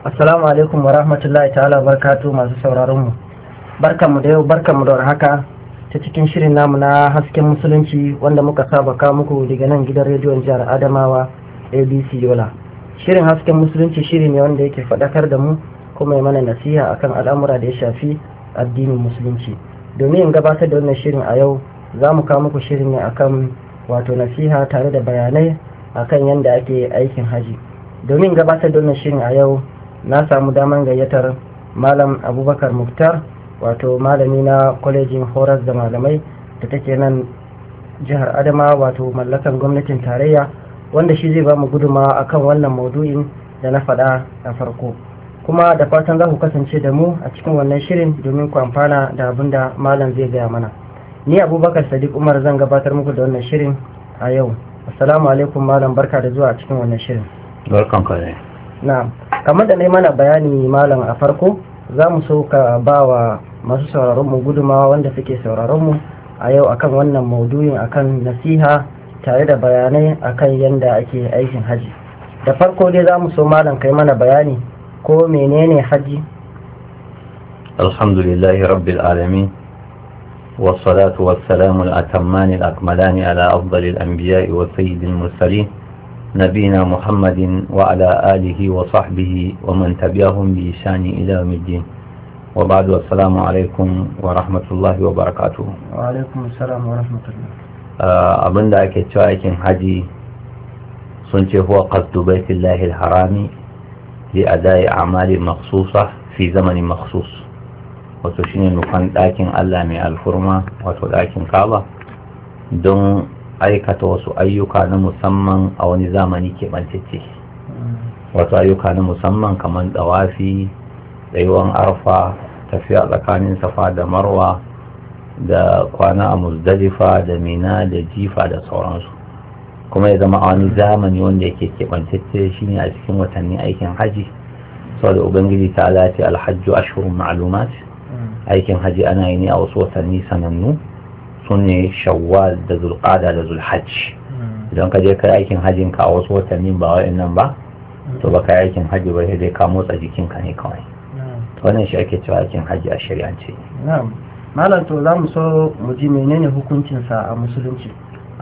Assalamu alaikum wa rahmatullahi ta'ala barkatu masu sauraron mu. Barkanmu da yau barkanmu da haka ta cikin shirin namu na hasken musulunci wanda muka saba ka muku daga nan gidan rediyon jihar Adamawa ABC Yola. Shirin hasken musulunci shiri ne wanda yake faɗakar da mu kuma ya mana nasiha akan al'amura da ya shafi addinin musulunci. Domin gabatar da wannan shirin a yau za mu kawo muku shirin ne akan wato nasiha tare da bayanai akan yadda ake aikin haji. Domin gabatar da wannan shirin a yau na samu daman gayyatar malam abubakar muktar wato malami na kwalejin horas da malamai da take nan jihar adama wato mallakan gwamnatin tarayya wanda shi zai ba mu guduma a kan wannan maudu'in da na faɗa a farko kuma da fatan za ku kasance da mu a cikin wannan shirin domin ku amfana da abin da malam zai gaya mana ni abubakar sadiq umar zan gabatar muku da wannan shirin a yau assalamu alaikum malam barka da zuwa cikin wannan shirin barkan ka na'am kamar da na yi mana bayani malam a farko za mu so ka ba wa masu mu gudumawa wanda suke mu a yau akan wannan maudu'in akan nasiha tare da bayanai akan yadda ake aikin haji da farko dai za mu so malam kai mana bayani ko menene haji alhamdulillahi rabbil alamin والصلاة والسلام الأتمان الأكملان على أفضل الأنبياء وسيد المرسلين نبينا محمد وعلى آله وصحبه ومن تبعهم بإشان إلى يوم الدين وبعد والسلام عليكم ورحمة الله وبركاته وعليكم السلام ورحمة الله abin da ake cewa aikin haji sun ce huwa qasdu baitillahi alharami li adai a'mali makhsusa fi zamani makhsus wato shine nufan ɗakin Allah mai alfurma wato ɗakin Kaba don aikata wasu ayyuka na musamman a wani zamani keɓantacce wasu ayyuka na musamman kamar ɗawafi tsayuwan arfa tafiya tsakanin safa da marwa da kwana a musdalifa da mina da jifa da sauransu kuma ya zama a wani zamani wanda yake shi shine a cikin watanni aikin haji saboda ubangiji ta lati alhajju ashhurun ma'lumat hmm. aikin haji ana yi ne a wasu watanni sanannu su ne shawwal da zulqada da zulhajj hmm. idan ka je kai aikin hajjin ka a wasu watannin ba wa'annan ba hmm. to ba kai aikin hajji ba sai dai ka motsa jikinka ne kawai hmm. wannan shi ake cewa aikin hajji a shari'ance malam to zamu so mu ji menene hukuncinsa a musulunci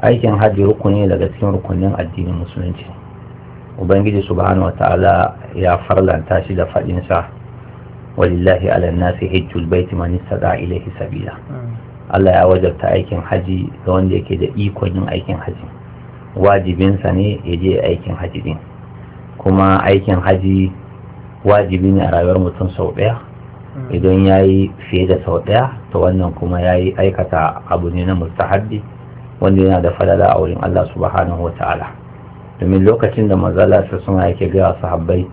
aikin hajji rukuni daga cikin rukunin addinin musulunci ubangiji subhanahu wataala ya farlanta shi da faɗinsa walillahi ala nasi hajjul baiti man istata ilayhi sabila Allah ya wajabta aikin haji ga wanda yake da ikon yin aikin haji wajibinsa ne ya je aikin haji din kuma aikin haji wajibi ne a rayuwar mutum sau ɗaya hmm. idan ya yi fiye da sau ɗaya to wannan kuma ya yi aikata abu ne na mustahabbi wanda yana da falala a wurin Allah subhanahu wa ta'ala domin lokacin da mazala su suna yake gaya su sahabbai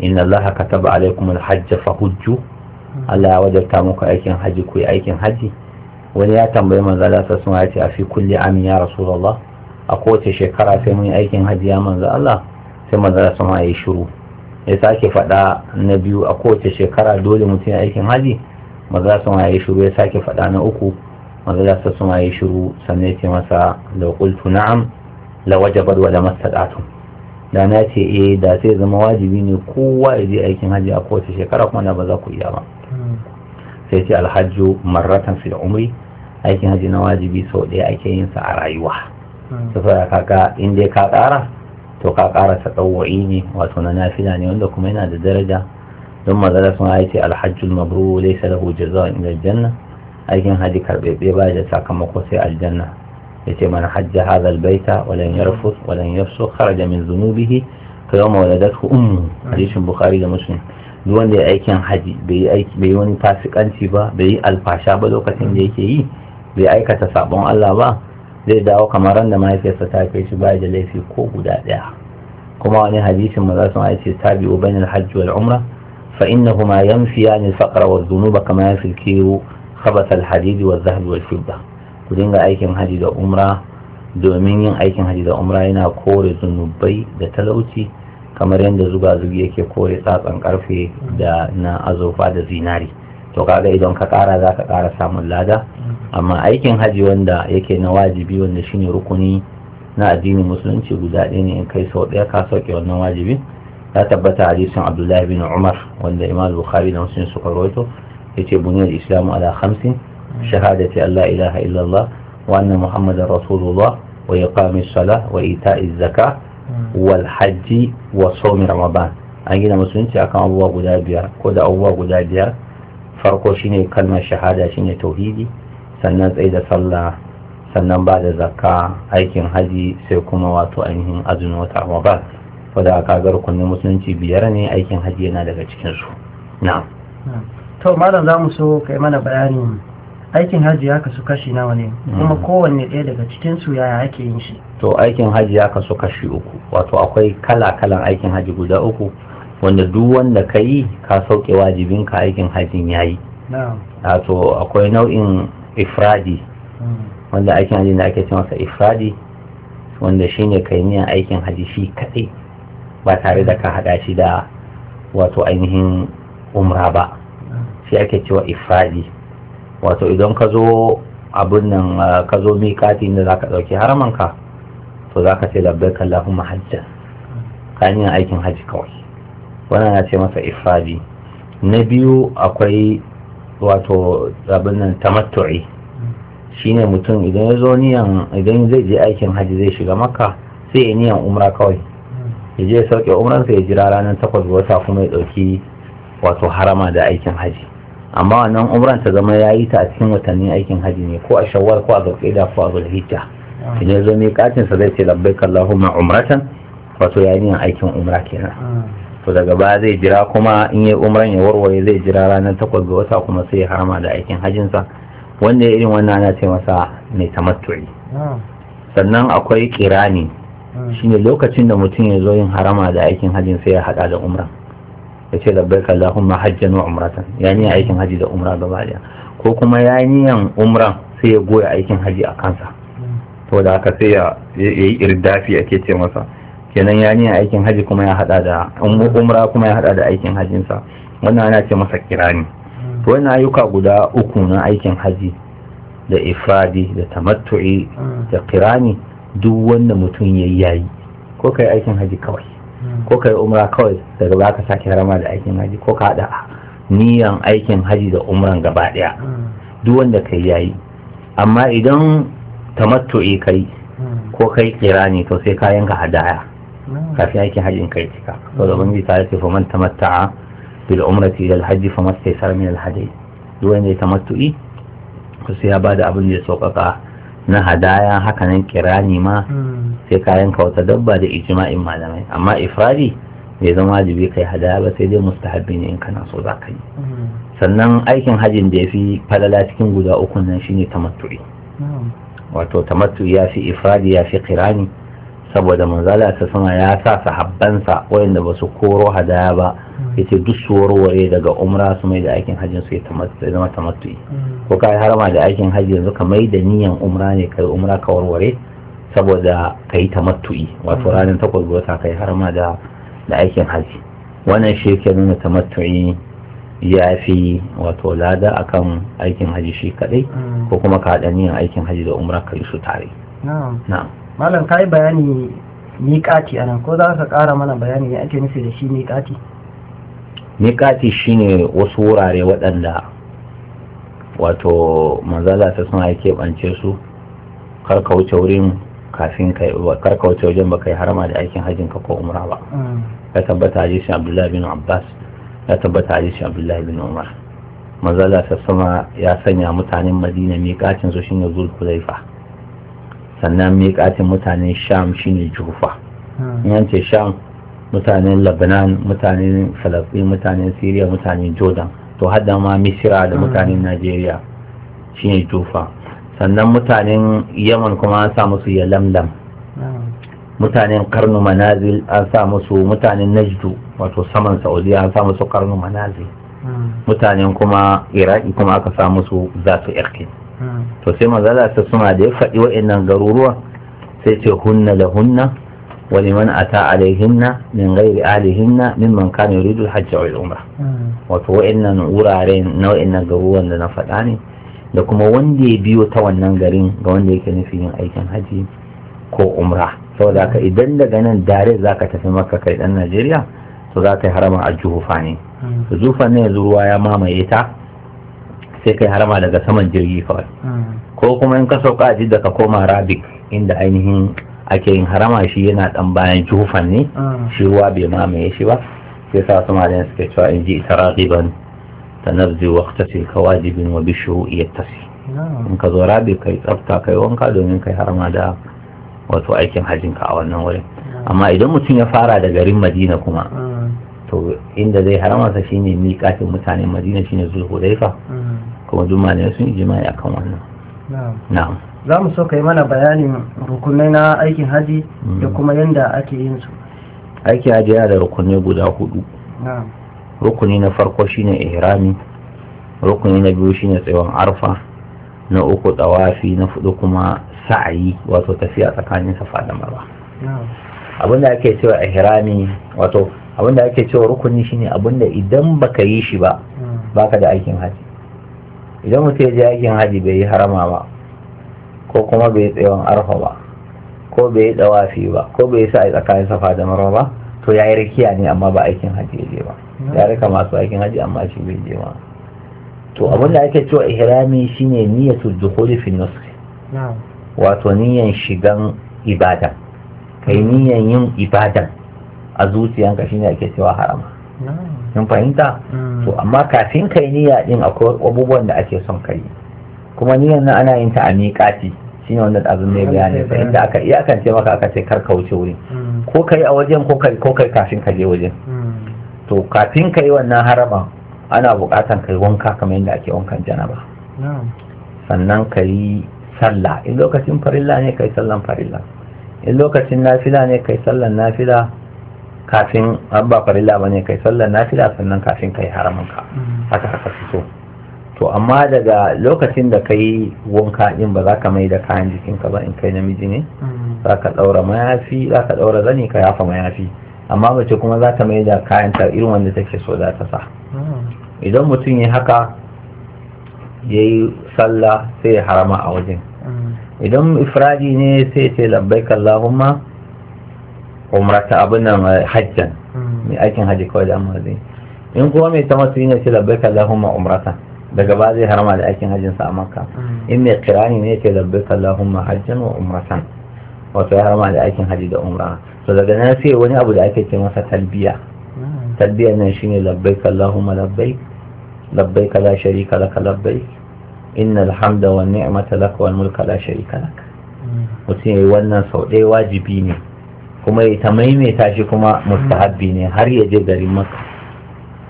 inna Allah taba alaikum alhajj fa hujju hmm. Allah ya wajarta muku aikin haji ku yi aikin haji wani ya tambayi manzala ta sun ya ce a fi kulli amin ya rasulullah a kowace shekara sai mun aikin hajji ya manzo Allah sai manzala sun ya shiru ya sake faɗa na biyu a kowace shekara dole mutum ya aikin hajji manzala sun ya shiru ya sake faɗa na uku manzala ta sun ya shiru sannan ya ce masa da qultu na'am la wajabat wa la mastata'tum da na ce eh da sai zama wajibi ne kowa ya je aikin hajji a kowace shekara kuma da ba za ku iya ba hmm. sai ce alhaju marratan fil umri aikin haji na wajibi sau ɗaya ake yin sa a rayuwa hmm. saboda kaga in dai ka ƙara to ka ƙara ta ɗauwa'i ne wato na nafila ne wanda kuma yana da daraja don mazara sun aiki alhajjul mabru laysa lahu jazaa'un illa janna aikin haji karɓe ba da sakamako sai aljanna ce man hajja hadha albayta wa lan yarfus wa lan yafsu kharaja min dhunubihi fa yawma waladathu ummu hmm. Hadishin bukhari da muslim duk wanda ya aikin haji bai yi wani fasikanci ba bai yi alfasha ba lokacin da yake yi bai aikata sabon Allah ba zai dawo kamar randa mahaifiyarsa ta kai shi bai da laifi ko guda ɗaya kuma wani hadisin maza sun ai ce tabi'u bainal hajji wal umra fa innahuma yamsiyani al-faqra wa dhunuba kama ya al-kiru khabath al-hadid wa adh wal fidda ku dinga aikin haji da umra domin yin aikin haji da umra yana kore zunubai da talauci kamar yadda zuba zubi yake kore tsatsan karfe da na azofa da zinari to kaga idan ka kara za ka kara samun lada amma aikin haji wanda yake na wajibi wanda shine rukuni na addinin musulunci guda ɗaya ne in kai sau ɗaya ka sauke wannan wajibi ya tabbata hadisin abdullahi bin umar wanda imam bukhari da muslim suka rawaito yace buniyar islamu ala hamsin shahadati allah ilaha illallah wa anna muhammadar rasulullah wa iqamis salah wa ita'iz zakah wal hajji wa sawmi ramadan an gina musulunci akan abubuwa guda biyar ko da abubuwa guda biyar farko shine kalmar shahada shine tauhidi sannan tsaye da sallah sannan ba da zakka aikin haji sai kuma wato ainihin azumin wata ko wadda aka ga rukunin musulunci biyar ne aikin haji yana daga cikin su na'am to malam za mu so kai mana bayani aikin haji ya kasu kashi nawa ne kuma mm. kowanne ɗaya daga cikin su yaya ake yin shi to aikin haji ya kasu kashi uku wato akwai kala kalan aikin haji guda uku wanda duk wanda ka yi ka sauke wajibin ka aikin hajjin ya yi to akwai nau'in ifradi hmm. wanda aikin hajji da ake ce masa ifradi wanda shine kai niyan aikin hajji shi kaɗai ba tare da ka haɗa shi da wato ainihin umra ba shi ake cewa ifradi wato idan ka zo abin nan ka zo miƙati inda za ka ɗauki haramanka to za ka ce labbaika Allahumma mahajjan ka aikin hajji kawai wannan ya ce masa ifadi na biyu akwai wato abin nan tamattu'i shine mutum idan ya zo niyan idan zai je aikin hajji zai shiga makka sai ya niyan umra kawai ya je sauke umran sai ya jira ranar takwas wata kuma ya dauki wato harama da aikin hajji amma wannan umran ta zama ya yi ta a cikin watannin aikin hajji ne ko a shawwal ko a zulqa'ida ko a zulhijja idan ya zo sa zai ce labbaik allahumma umratan wato ya niyan aikin umra kenan to daga ba zai jira kuma in yi umran ya warware zai jira ranar takwas ga wata kuma sai ya harama da aikin hajjinsa wanda irin wannan ana ce masa mai tamattu'i ah. sannan akwai kirani ah. shine lokacin da mutum ya zo yin harama da aikin hajjin sai ya hada da umra ya ce labbaika allahumma hajjan wa umratan ya niyan aikin haji da umra gaba daya ko kuma ya niyan umran sai ya goya aikin hajji a kansa hmm. to da haka sai ya yi irdafi ake ce masa kenan ya niyan aikin haji kuma ya hada da um, umra kuma ya hada da aikin hajinsa wannan ana ce masa kirani to wannan ayyuka guda uku na aikin haji da ifradi da tamattu'i hmm. da kirani duk wanda mutum ya yayi ko kai aikin haji kawai hmm. ko kai umra kawai daga za ka sake harama da aikin haji ko ka hada niyan aikin haji da umran gaba daya hmm. duk wanda kai yayi amma idan tamattu'i kai ko kai kirani to sai ka yanka hadaya kafin aikin in kai cika to da ubangiji ta ce fa man tamatta'a bil umrati ila al hajj fa mastaysara min al hadi duk wanda ya tamattu'i ko sai ya bada abin da ya sauƙaƙa na hadaya hakanan kirani ma sai kayan ka wata dabba da ijma'in malamai amma ifradi bai zama wajibi kai hadaya ba sai dai mustahabbi ne in kana so za ka yi sannan aikin hajjin da ya fi falala cikin guda uku nan shine tamattu'i wato tamattu ya fi ifradi ya fi kirani saboda manzala ta sama ya sa sahabbansa wayanda ba su koro hadaya ba hmm. yace duk su warware daga umra su mai da aikin hajji su ya zama tamattu'i hmm. ko ka yi harama da aikin hajji yanzu ka mai da niyan umra ne kai umra ka warware saboda ka yi tamattu'i wato hmm. ranar takwas ga wata ka yi harama da aikin hajji wannan shi ke nuna tamattu'i ya fi wato lada akan aikin hajji shi kadai ko kuma ka haɗa niyan aikin hajji da umra ka yi su tare na'am malam ka yi bayani miƙati a nan ko za ka ƙara mana bayani ne ake nufi da shi miƙati miƙati ne wasu wurare waɗanda wato manzala ta suna ya keɓance su kar ka wuce wurin kafin kai kar wuce wajen baka yi harama da aikin hajjin ka ko umra ba mm. ya tabbata hadisin abdullahi bin abbas ya tabbata hadisin abdullahi bin umar manzala ta sama ya sanya mutanen madina miƙatin su shine zulhulaifa sannan miƙatin mutanen sham shine jufa hmm. in sham mutanen lebanon mutanen falasɗin mutanen syria mutanen jordan to hada ma misira da hmm. mutanen najeriya shine jufa sannan mutanen yaman kuma an sa musu yalamlam hmm. mutanen karnu manazil an sa musu mutanen najdu wato saman saudi an sa musu karnu manazil mutanen kuma iraki kuma aka sa musu zasu irkin to sai za ta suna da ya faɗi wa'annan garuruwa sai ce hunna da hunna wani wa a ata alaihinna min gairi alihinna min kana kano ridu Hajji wa umra wato wa'annan wurare na wa'annan garuruwan da na faɗa ne da kuma wanda ya biyo ta wannan garin ga wanda yake nufin yin aikin hajji ko umra saboda haka idan daga nan dare za ka tafi maka kai dan Najeriya to za ka yi harama a mm. juhufa ne zufa ne yanzu ruwa ya mamaye ta sai kai harama daga saman jirgi kawai hmm. ko kuma in ka sauka ji daga ka koma rabik inda ainihin ake yin harama shi yana dan bayan jufan ne hmm. shi ruwa bai mamaye shi ba sai sa su malayan suke cewa in ji ita rabiban ta nabzi wakta ce ka wajibin wa bishu iya tasi hmm. in ka zo rabi kai tsafta kai wanka domin kai harama da wato aikin hajjin ka a wannan wurin amma idan mutum ya fara da garin madina kuma to inda zai haramasa shine miƙafin mutanen madina shine zulhudaifa kuma juma ne sun jima'i akan wannan na'am za mu so kai mana bayanin rukunai na aikin haji mm. da kuma yadda ake yin su aikin haji yana da rukunai guda hudu rukuni na farko shine ihrami rukuni na biyu shine tsawon arfa na uku tsawafi na fudu kuma sa'ayi wato tafiya tsakanin safa da marwa abinda ake cewa ihrami wato abinda ake cewa rukuni shine abinda idan baka yi shi ba mm. baka da aikin haji idan mutum ya je aikin haji bai yi harama ba ko kuma bai tsayon arfa ba ko bai yi dawafi ba ko bai yi sa'ai tsakanin safa da marwa ba to ya yi rikiya ne amma ba aikin haji je ba ya rika masu aikin haji amma shi bai je ba to abin da ake cewa ihrami shine niyyatu dukhuli fi nusk wato niyyan shigan ibada kai niyyan yin ibadan a zuciyanka shine ake cewa harama Kin fahimta mm. to amma kafin kai niyya din akwai abubuwan da ake son kai kuma niyyar nan ana yin ta a miƙati shine wanda azun ne bayani sai mm. inda aka iya kan ce maka aka ce kar ka wuce wurin mm. ko kai a wajen ko kai ko kai kafin ka je wajen to kafin kai wannan harama ana buƙatan kai wanka kamar yadda ake wankan janaba sannan ka yi sallah in lokacin farilla ne ka yi sallan farilla in lokacin nafila ne ka yi sallan nafila kafin an ba farilla ba ne kai sallar nafila sannan kafin kai haramanka mm. haka haka so to amma daga lokacin da kai wanka din ba za ka mai da kayan jikinka ba in kai namiji ne mm. za ka ɗaura mayafi za ka ɗaura zani ka yafa mayafi amma mace kuma za ta mai da kayan ta irin wanda take so za ta sa mm. idan mutum ya haka ya yi sallah sai ya harama a wajen idan ifradi ne sai ya ce labbaik allahumma umrata abin nan eh, hajjan hmm. mai aikin hajji kawai da amma zai in kuma mai tamattu ne ce labbaika Allahumma umrata daga ba zai harma da aikin hajjin sa a makka hmm. in mai kirani ne ce labbaika Allahumma hajjan wa umratan wato ya harma da aikin hajji da umra to daga nan sai wani abu da ake ce masa talbiya hmm. talbiya nan shine labbaika Allahumma labbaik labbaika la sharika laka labbaik innal hamda wan ni'mata laka wal mulka la sharika lak mutum yayi wannan sau ɗaya wajibi ne kuma ta maimaita shi kuma mustahabbi ne har ya je garin maka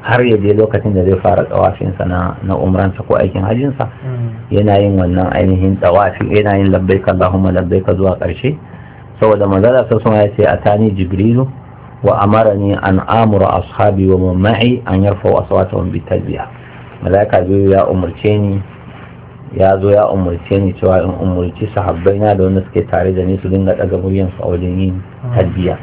har ya je lokacin da zai fara tsawafinsa na na umransa ko aikin hajjinsa mm. yana yin wannan ainihin tsawafi yana yin labbaika Allahumma labbaika zuwa ƙarshe saboda manzala sun suna ya ce a tani jibrilu wa amarani an amura ashabi wa mamma'i an yarfa aswatahum bitalbiya malaika biyu ya umarce ni ya zo ya umurce ni cewa in umurci sahabbai na da wanda suke tare da ni su dinga daga muryan su a wajen yin tarbiya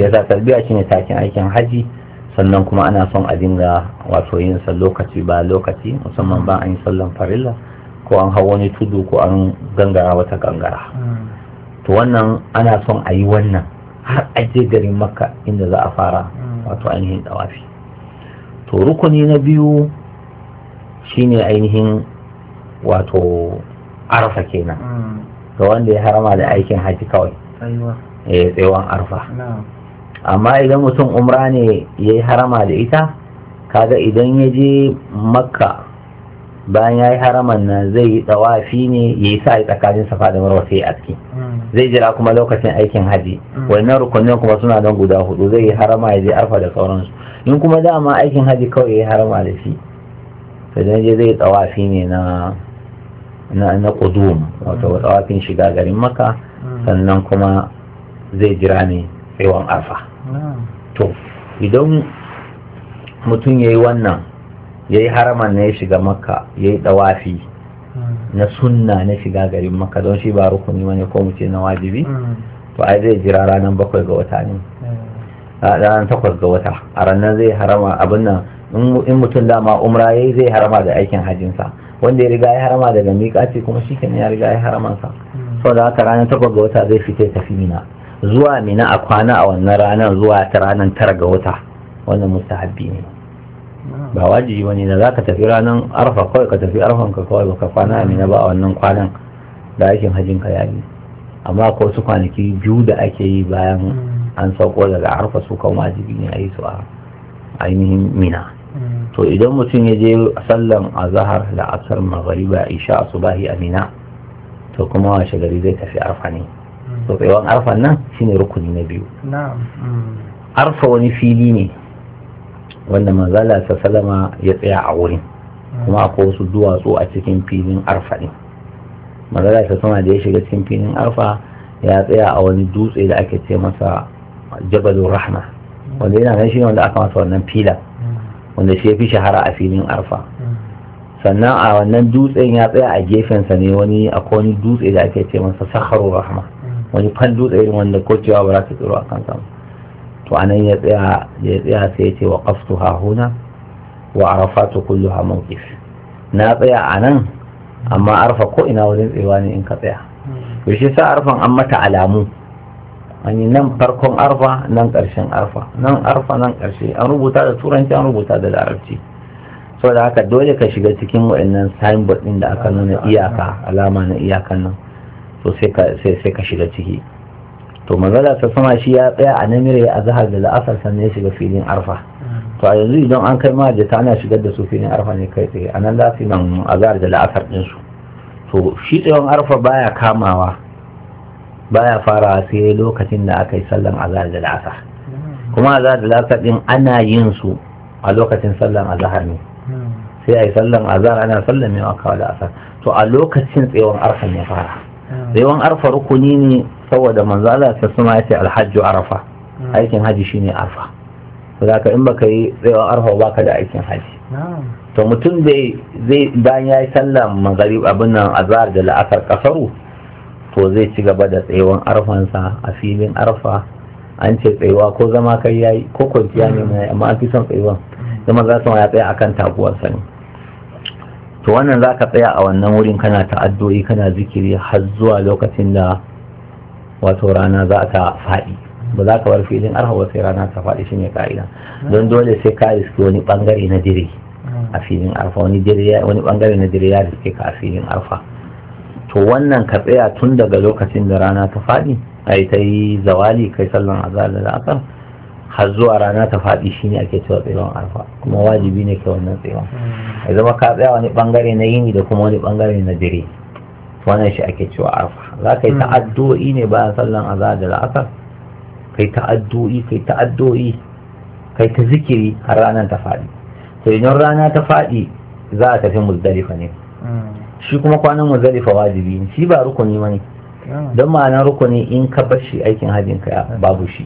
yasa tarbiya shine takin aikin haji sannan kuma ana son a dinga wato yin sa lokaci ba lokaci musamman ba an yi sallan farilla ko an hau wani tudu ko an gangara wata gangara hmm. to wannan ana son a yi wannan har a je garin makka inda za a fara hmm. wato ainihin dawafi to rukuni na biyu shine ainihin wato arfa kenan ga wanda ya harama da aikin haji kawai eh tsewon arfa amma idan mutum umra ne ya yi harama da ita kaga idan ya je makka bayan ya yi haraman nan zai yi tsawafi ne ya yi sa'i tsakanin safa da marwa sai aski mm. zai jira kuma lokacin aikin haji mm. wannan rukunin kuma suna don guda hudu zai yi harama ya je arfa da sauransu in kuma dama aikin haji kawai ya yi harama da shi to je zai tsawafi ne na na na kudum wato wadawakin shiga garin maka hmm. sannan kuma zai jira ne tsawon arfa hmm. to idan mutum ya yi wannan ya yi haraman na ya shiga maka ya yi ɗawafi hmm. na sunna na shiga garin maka don shi ba rukuni wani ko mu ce na wajibi to ai zai jira ranar bakwai ga wata ne ranar takwas ga wata a ranar zai harama abin nan in mutum dama umra ya zai harama da aikin hajjinsa wanda ya riga ya harama daga ce kuma shi ya riga ya harama sa da haka ranar takwas ga wata zai fita tafi mina zuwa mina a kwana a wannan ranar zuwa ta ranar tara ga wata wannan mustahabbi ne ba wajibi wani da za ka tafi ranar arfa kawai ka tafi arfan ka kawai ka kwana a mina ba a wannan kwanan da aikin hajjin ka yayi amma ko su kwanaki biyu da ake yi bayan an sauko daga arfa su kan wajibi ne a yi su a ainihin mina to idan mutum ya je sallan azahar da asar maghariba isha subahi amina to kuma wa gari zai tafi arfa ne to arfa nan shine rukuni na biyu arfa wani fili ne wanda manzala ta salama ya tsaya a wurin kuma akwai wasu duwatsu a cikin filin arfa ne manzala ta sama da ya shiga cikin filin arfa ya tsaya a wani dutse da ake ce masa jabalin rahma wanda yana nan shi wanda aka masa wannan filan wanda shi ya fi shahara a filin arfa sannan a wannan dutsen ya tsaya a gefensa ne wani akwai wani dutse da ake ce masa sakharu rahma wani fan dutse irin wanda ko cewa ba za ta tsiro a kansa to anan ya tsaya ya tsaya sai ya ce wa qaftu ha huna wa arafatu kulluha mawqif na tsaya anan amma arfa ko ina wajen tsayawa ne in ka tsaya to shi sa arfan an mata alamu an nan farkon arfa nan ƙarshen arfa nan arfa nan ƙarshe an rubuta da turanci an rubuta da larabci sau da haka dole ka shiga cikin waɗannan signboard ɗin da aka nuna iyaka alama na iyakan nan to sai ka shiga ciki to mazala ta sama shi ya tsaya a namire a zahar da la'asar sannan ya shiga filin arfa to a yanzu idan an kai ta ana shigar da su filin arfa ne kai tsaye a nan za su yi nan a zahar da la'asar ɗinsu to shi tsayon arfa baya kamawa baya farawa sai lokacin da aka yi sallan azhar da la'asar kuma azhar da la'asar din ana yin su a lokacin sallan azhar ne sai a yi sallan azhar ana sallan mai wakawa da asar to a lokacin tsawon arfa ne fara tsayuwar arfa rukuni ne saboda manzo Allah ta suma yace alhajju arafa aikin haji shine arfa saboda in baka yi tsayuwar arfa baka da aikin haji to mutum zai bayan ya yi sallan magharib abin nan azhar da la'asar kasaru to zai ci gaba da tsayuwan arfansa a filin arfa an ce tsayuwa ko zama kai yayi ko kwanciya ne mai amma an fi son tsayuwan zama za su ya tsaya akan taguwarsa ne to wannan za ka tsaya a wannan wurin kana ta'addo'i kana zikiri har zuwa lokacin da wato rana za ta faɗi ba za ka bar filin arfa ba sai rana ta faɗi shine ka'ida don dole sai ka riske wani bangare na dire a filin arfa wani bangare na dire ya riske ka a filin arfa to wannan ka tsaya tun daga lokacin da rana ta faɗi a yi ta yi zawali kai sallan azhar da la'asar har zuwa rana ta faɗi shine ake cewa tsayawan arfa kuma wajibi ne ke wannan tsayawan ya zama ka tsaya wani bangare na yini da kuma wani bangare na dire wannan shi ake cewa arfa za ka yi hmm. ta'addu'i ne bayan sallan azhar da la'asar kai ta'addu'i kai ta'addu'i kai ta zikiri har ranar ta faɗi to idan rana ta faɗi za a tafi muzdalifa ne hmm. shi kuma kwanan muzalifa wajibi shi ba rukuni mani don ma'anar rukuni in ka bar shi aikin hajjin ka babu shi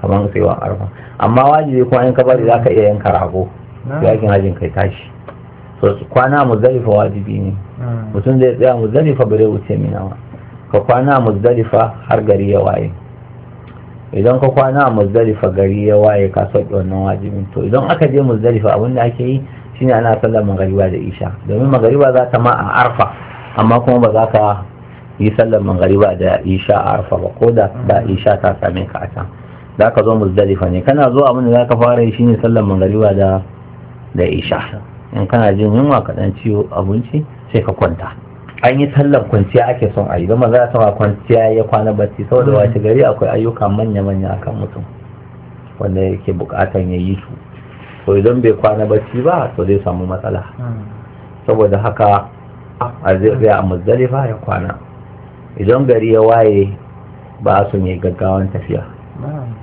kamar tsayuwar arfa amma wajibi kuma in ka bari za ka iya yanka rago Ya aikin hajjin kai tashi so kwana muzalifa wajibi ne mutum zai tsaya muzalifa bare wuce ma. ka kwana muzalifa har gari ya waye idan ka kwana a gari ya waye ka sauke wannan wajibin to idan aka je muzdalifa abinda ake yi shine ana sallar magariba da isha domin magariba za ta ma a arfa amma kuma ba za ka yi sallar magariba da isha a arfa ba ko da ba isha ta same ka a can za ka zo muzdalifa ne kana zuwa abin da za ka fara yi shine sallar magariba da da isha in kana jin yunwa ka dan ciwo abinci sai ka kwanta an yi sallar kwanciya ake son a yi zama za ya sama kwanciya ya kwana bacci saboda mm. wace gari akwai ayyuka manya-manya akan mutum wanda yake bukatan ya yi su to idan bai kwana bacci ba to zai samu matsala saboda haka a zai a muzdalifa ya kwana idan gari ya waye ba su ne gaggawan tafiya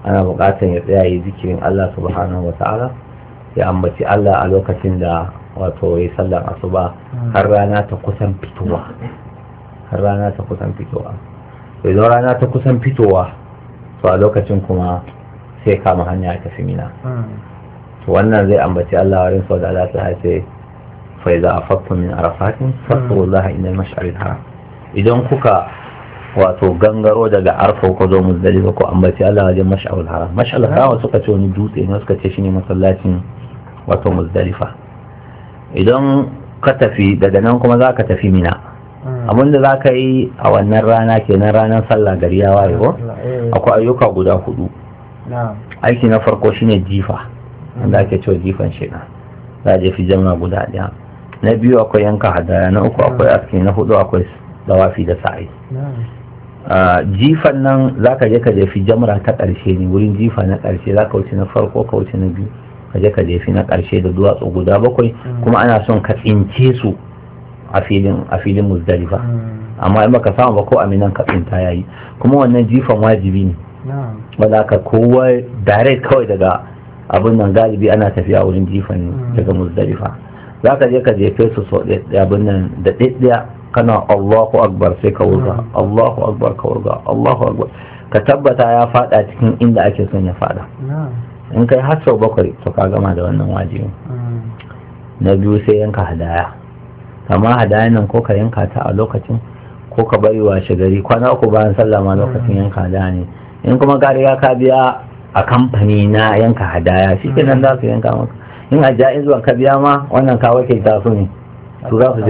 ana bukatar ya tsaya yi zikirin Allah subhanahu wa ta'ala ya ambaci Allah a lokacin da wato ya sallar asuba har rana ta kusan fitowa har rana ta kusan fitowa idan rana ta kusan fitowa to a lokacin kuma sai kama hanya ta fi wannan zai ambaci Allah warin sau da Allah ta haife za a fattu min a arafatin fastaghfirullah hmm. inal mashari haram idan kuka wato gangaro daga arfa ko zo muzdalifa ko ambaci Allah wajen mash'aril haram ta hmm. haram suka ce wani dutse ne suka ce ne masallacin wato muzdalifa idan ka tafi daga nan kuma za ka tafi mina hmm. Abin da za ka yi a wannan rana kenan ranar sallah gari ya waye akwai ayyuka guda hudu aiki na farko shine jifa wanda ake cewa jifan shaidan za a jefi jama'a guda ɗaya na biyu akwai yanka hadaya na uku akwai aski na hudu akwai dawafi da sa'i jifan nan za ka je ka jefi jamra ta karshe ne wurin jifa na ƙarshe za ka wuce na farko ka wuce na biyu ka je ka jefi na ƙarshe da duwatsu guda bakwai mm. kuma ana son ka tsince su a filin musdalifa muzdalifa mm. amma in baka samu ba ko aminan ka tsinta yayi kuma wannan jifan wajibi ne wanda ka kowa direct kawai daga abin nan galibi ana tafiya wurin jifan ne daga muzdalifa za ka je ka jefe su so abin nan da ɗaya. kana allahu akbar sai ka wurga allahu akbar ka wurga allahu akbar ka tabbata ya fada cikin inda ake son ya fada in kai har sau bakwai to ka gama da wannan wajibi mm. na biyu sai yanka hadaya amma hadaya nan ko ka yanka ta a lokacin ko ka bari washe gari kwana uku bayan sallah ma lokacin mm. yanka hadaya ne in kuma ka ka biya a kamfani na yanka hadaya shi ke nan za su yanka maka in a ja'in zuwa ka biya ma wannan kawai ke ta su ne su za su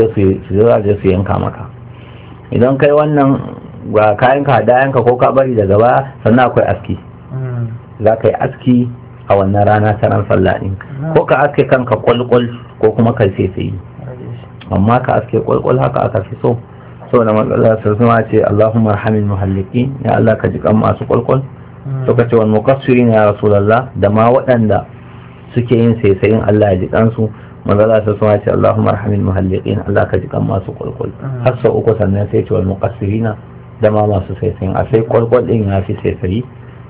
je su yanka maka idan kai wannan ga kayan ka hadayan ka ko ka bari daga gaba sannan akwai aski hmm. za ka yi aski a wannan rana ta ran sallah hmm. ko ka aske kanka kwalkwal ko kuma ka sai amma ka aske kwalkwal haka aka fi so na matsala sai ce allahumma rahamin muhallikin ya allah ka ji kan masu kwalkwal Hmm. suka ce wal ya rasulullah da ma waɗanda suke yin saisayin Allah ya ji kansu manzo Allah sai suna ce Allahumma marhamin muhalliqin Allah ka ji kan masu kulkul hmm. har sau uku sannan sai ce wal muqassirin da ma masu saisayin a sai kulkul din ya fi saisayi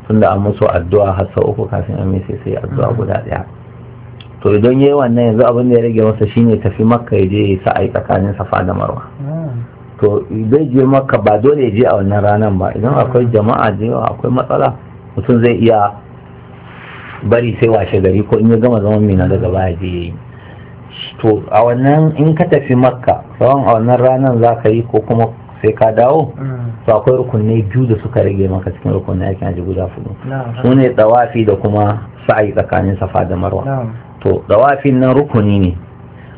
tunda an musu addu'a har sau uku kafin an yi saisayi addu'a hmm. guda daya to idan yayi wannan yanzu abin da ya rage masa shine tafi makka ya je ya sa'ai tsakanin safa da marwa to zai je maka ba dole je a wannan ranar ba idan akwai jama'a da yawa akwai matsala mutum zai iya bari sai washe gari ko in ya gama zaman mina daga baya je yi to a wannan in ka tafi makka tsawon a wannan ranar za ka yi ko kuma sai ka dawo mm. to akwai rukunne biyu da suka rage maka cikin rukunne ake aji guda fudu su ne tsawafi da kuma sa'ayi tsakanin safa da marwa to tsawafin nan rukuni ne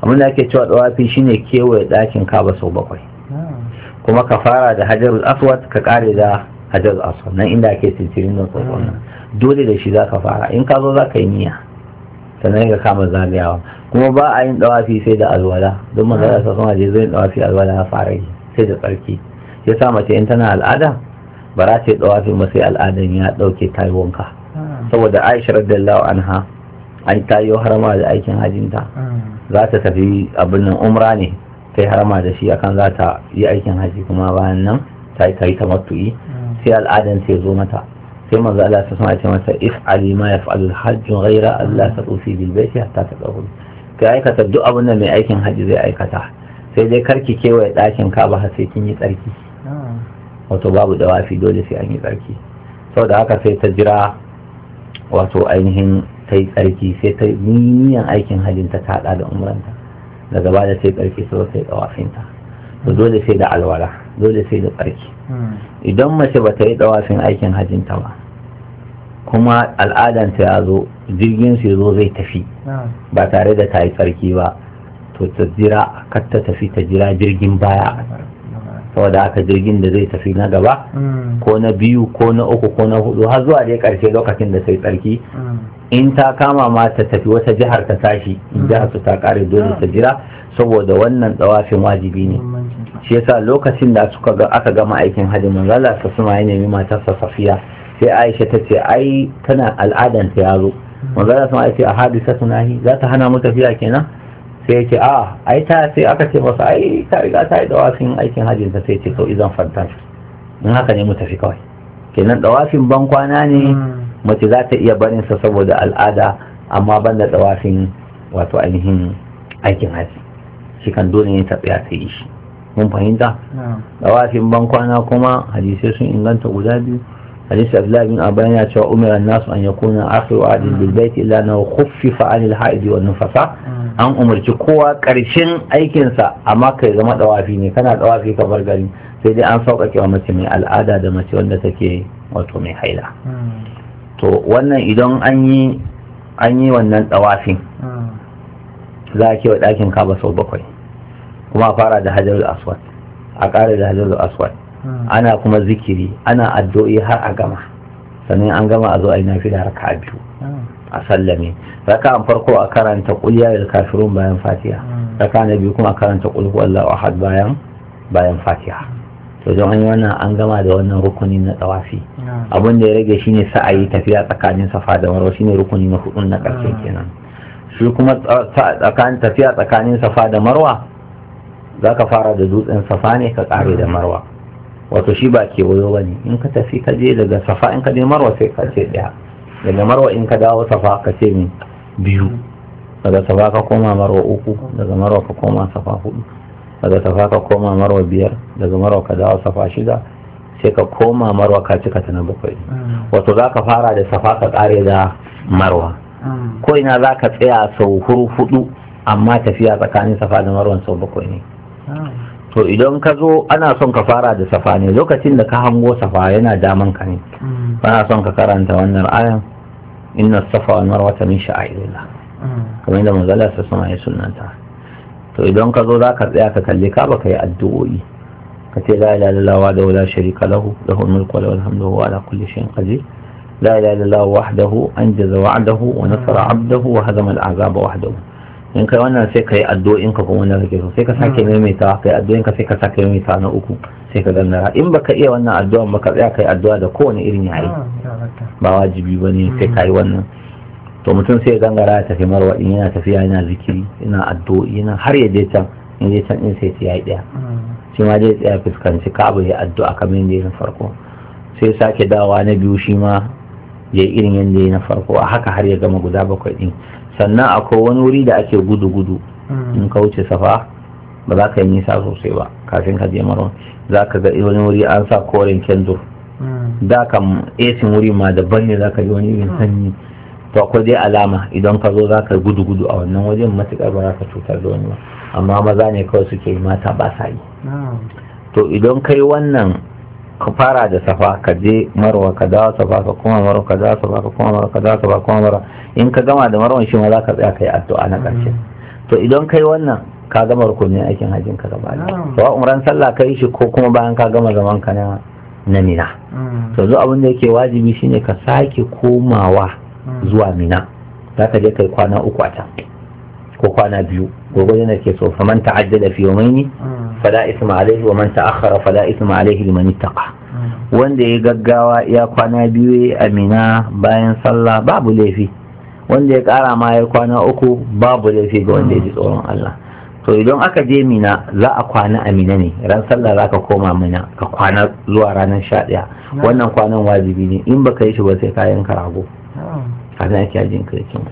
abinda ake cewa tsawafi shine kewaye dakin kaba sau bakwai kuma ka fara da Hajar aswad ka kare da hajarul aswad nan inda ake tintirin da tsohon nan dole da shi za ka fara in ka zo za ka yi niyya sannan ka kama zagayawa kuma ba a yin dawafi sai da alwala don manzara sa sun je zai dawafi alwala ya fara yi sai da tsarki ya sa mace in tana al'ada ba za ta yi dawafi ma sai al'adan ya dauke taiwonka saboda aisha radiyallahu anha an tayo harama da aikin hajinta hmm. za ta tafi abin umra ne ta yi harama da shi akan za ta yi aikin haji kuma bayan nan ta yi kai tamattu'i hmm. sai al'adan sai zo mata sai manzo Allah ta sama ce mata is ma yaf'alu al-hajj ghayra Allah hmm. tatufi bil baiti hatta tadkhul kai aikata duk abin da mai aikin haji zai aikata sai dai karki kewaye ɗakin Ka'aba har sai kin yi tsarki hmm. wato babu wafi dole sai an yi tsarki saboda haka sai ta jira wato ainihin ta yi tsarki sai ta niyan aikin hajjin ta tada da umranta daga da sai tsarki sau sai dawafinta to dole sai da alwara dole sai da tsarki hmm. idan mace ba ta yi dawafin aikin hajjinta ba kuma al'adanta ya zo jirgin su zo zai tafi hmm. ba tare da ta yi tsarki ba to ta jira kar ta tafi ta jira jirgin baya saboda aka jirgin da zai tafi na gaba hmm. ko na biyu ko na uku ko na hudu har zuwa dai karshe lokacin da sai tsarki in ta kama ma ta tafi wata jihar ta tashi in mm. jihar su ta kare dole ta jira saboda wannan tsawafin wajibi ne shi yasa lokacin da suka ga aka gama aikin hajji manzala ta suma ya nemi matarsa safiya sai aisha ta ce ai tana al'adan ta yazo mm. manzala suma ce a hadisa tunahi za ta hana mu tafiya kenan sai ya ce a ai ta sai aka ce masa ai ta riga ta yi dawafin aikin hajjin ta sai ce to idan fantan in haka ne mu tafi kawai kenan dawafin ban kwana ne mm. mace za ta iya barin sa saboda al'ada amma da tsawafin wato ainihin aikin haji shi kan dole ne ta tsaya ta yi shi mun fahimta tsawafin ban kwana kuma hadisai sun inganta guda biyu hadisi abdullahi bin abayan ya cewa umar nasu an ya akhiru adil bil bait illa na khuffifa anil haidi wa nufasa an umarci kowa karshen aikinsa amma kai zama tawafi ne kana dawafi ka bar gari sai dai an sauƙaƙe wa mace mai al'ada da mace wanda take wato mai haila to wannan idan an yi wannan tsawafin za a kewa ɗakin kaba sau bakwai kuma a fara da da aswad a ƙara da da aswad ana kuma zikiri ana addu'o'i har a gama sannan an gama a zo a yi nafila raka biyu a sallame Raka an farko a karanta kulya da kafirun bayan fatiha hmm. raka na biyu kuma a karanta kulhu wallahu ahad bayan bayan fatiha to don an wannan an gama da wannan rukuni na tsawafi abin da ya rage shine sa'ayi tafiya tsakanin safa da marwa shine rukuni na hudun na karshe ah. kenan shi kuma tafiya tsakanin safa da marwa za ka fara da dutsen safa ne ka kare da marwa wato shi ba ke wayo bane in ka tafi ka je daga safa in ka je marwa sai ka ce daya daga marwa in ka dawo safa ka ce min biyu hmm. daga safa ka koma marwa uku daga marwa ka koma safa hudu daga safa ka koma marwa biyar daga marwa ka dawo safa shida sai ka koma marwa ka cika ta na bakwai mm. wato za ka fara da safa ka kare da marwa mm. ko ina za ka tsaya sau huru hudu amma tafiya tsakanin safa da marwan sau bakwai ne mm. to idan ka zo ana son ka fara da safa ne lokacin da ka hango safa yana daman ka ne ana son ka karanta wannan ayan inna safa wal marwa min sha'airillah kamar yadda manzala sa sama ya sunanta to idan ka zo za ka tsaya ka kalli ka ba ka yi addu'o'i ka ce la ilaha illallah da wala sharika lahu lahu mulku wa lahu alhamdu wa ala kulli shay'in qadir la ilaha illallah wahdahu anjaza wa'dahu wa nasara 'abdahu wa hazama al'azaba wahdahu in kai wannan sai ka yi addu'o'in ka kuma wannan kake so sai ka sake hmm. maimaita kai addu'o'in ka sai ka sake maimaita na uku sai ka gannara in baka iya wannan addu'a ba ka yi kai addu'a da kowane irin yayi ah, ba wajibi bane sai ka yi hmm. wannan to mutum sai gangara ya tafi marwa in yana tafiya yana zikiri yana addu'o'i yana har ya je can in je can in sai ya yi ɗaya. Mm. shi ma zai tsaya fuskanci ka'aba ya addu'a kamar yadda ya na farko sai sake dawa na biyu shi ma ya irin yadda ya na farko a haka har ya gama guda bakwai ɗin. sannan akwai wani wuri da ake gudu gudu mm. in ka wuce safa ba za ka yi nisa sosai ba kafin ka je marwa za ka ga wani wuri an sa koren kendur mm. da kan esin wuri ma daban ne za ka yi wani irin sanyi to akwai dai alama idan ka zo za ka gudu gudu a wannan wajen matuƙar ba za ka cutar da wani ba amma maza ne kawai suke mata ba sa yi to idan kai wannan ka fara da safa ka je marwa ka dawo safa ka kuma marwa ka dawo safa ka kuma marwa ka dawo safa kuma marwa in ka gama da marwan shi ma za ka tsaya ka yi addu'a na ƙarshe mm. to idan kai wannan ka gama rukunin aikin hajjin ka gaba da sawa umran sallah ka yi shi ko kuma bayan ka gama zaman ka na na mina mm. to abin da yake wajibi shine ka sake komawa zuwa mina za ka je kai kwana uku a can ko kwana biyu gobe yana ke so fa man ta'addada fi yawmaini fala isma alaihi wa man ta'akhkhara fala isma alaihi liman ittaqa wanda ya gaggawa ya kwana biyu a mina bayan sallah babu laifi wanda ya kara ma ya kwana uku babu laifi ga wanda ya ji tsoron Allah to idan aka je mina za a kwana a mina ne ran sallah za ka koma mina ka kwana zuwa ranar sha ɗaya wannan kwanan wajibi ne in baka yi shi ba sai kayan rago. a ya jin kirkin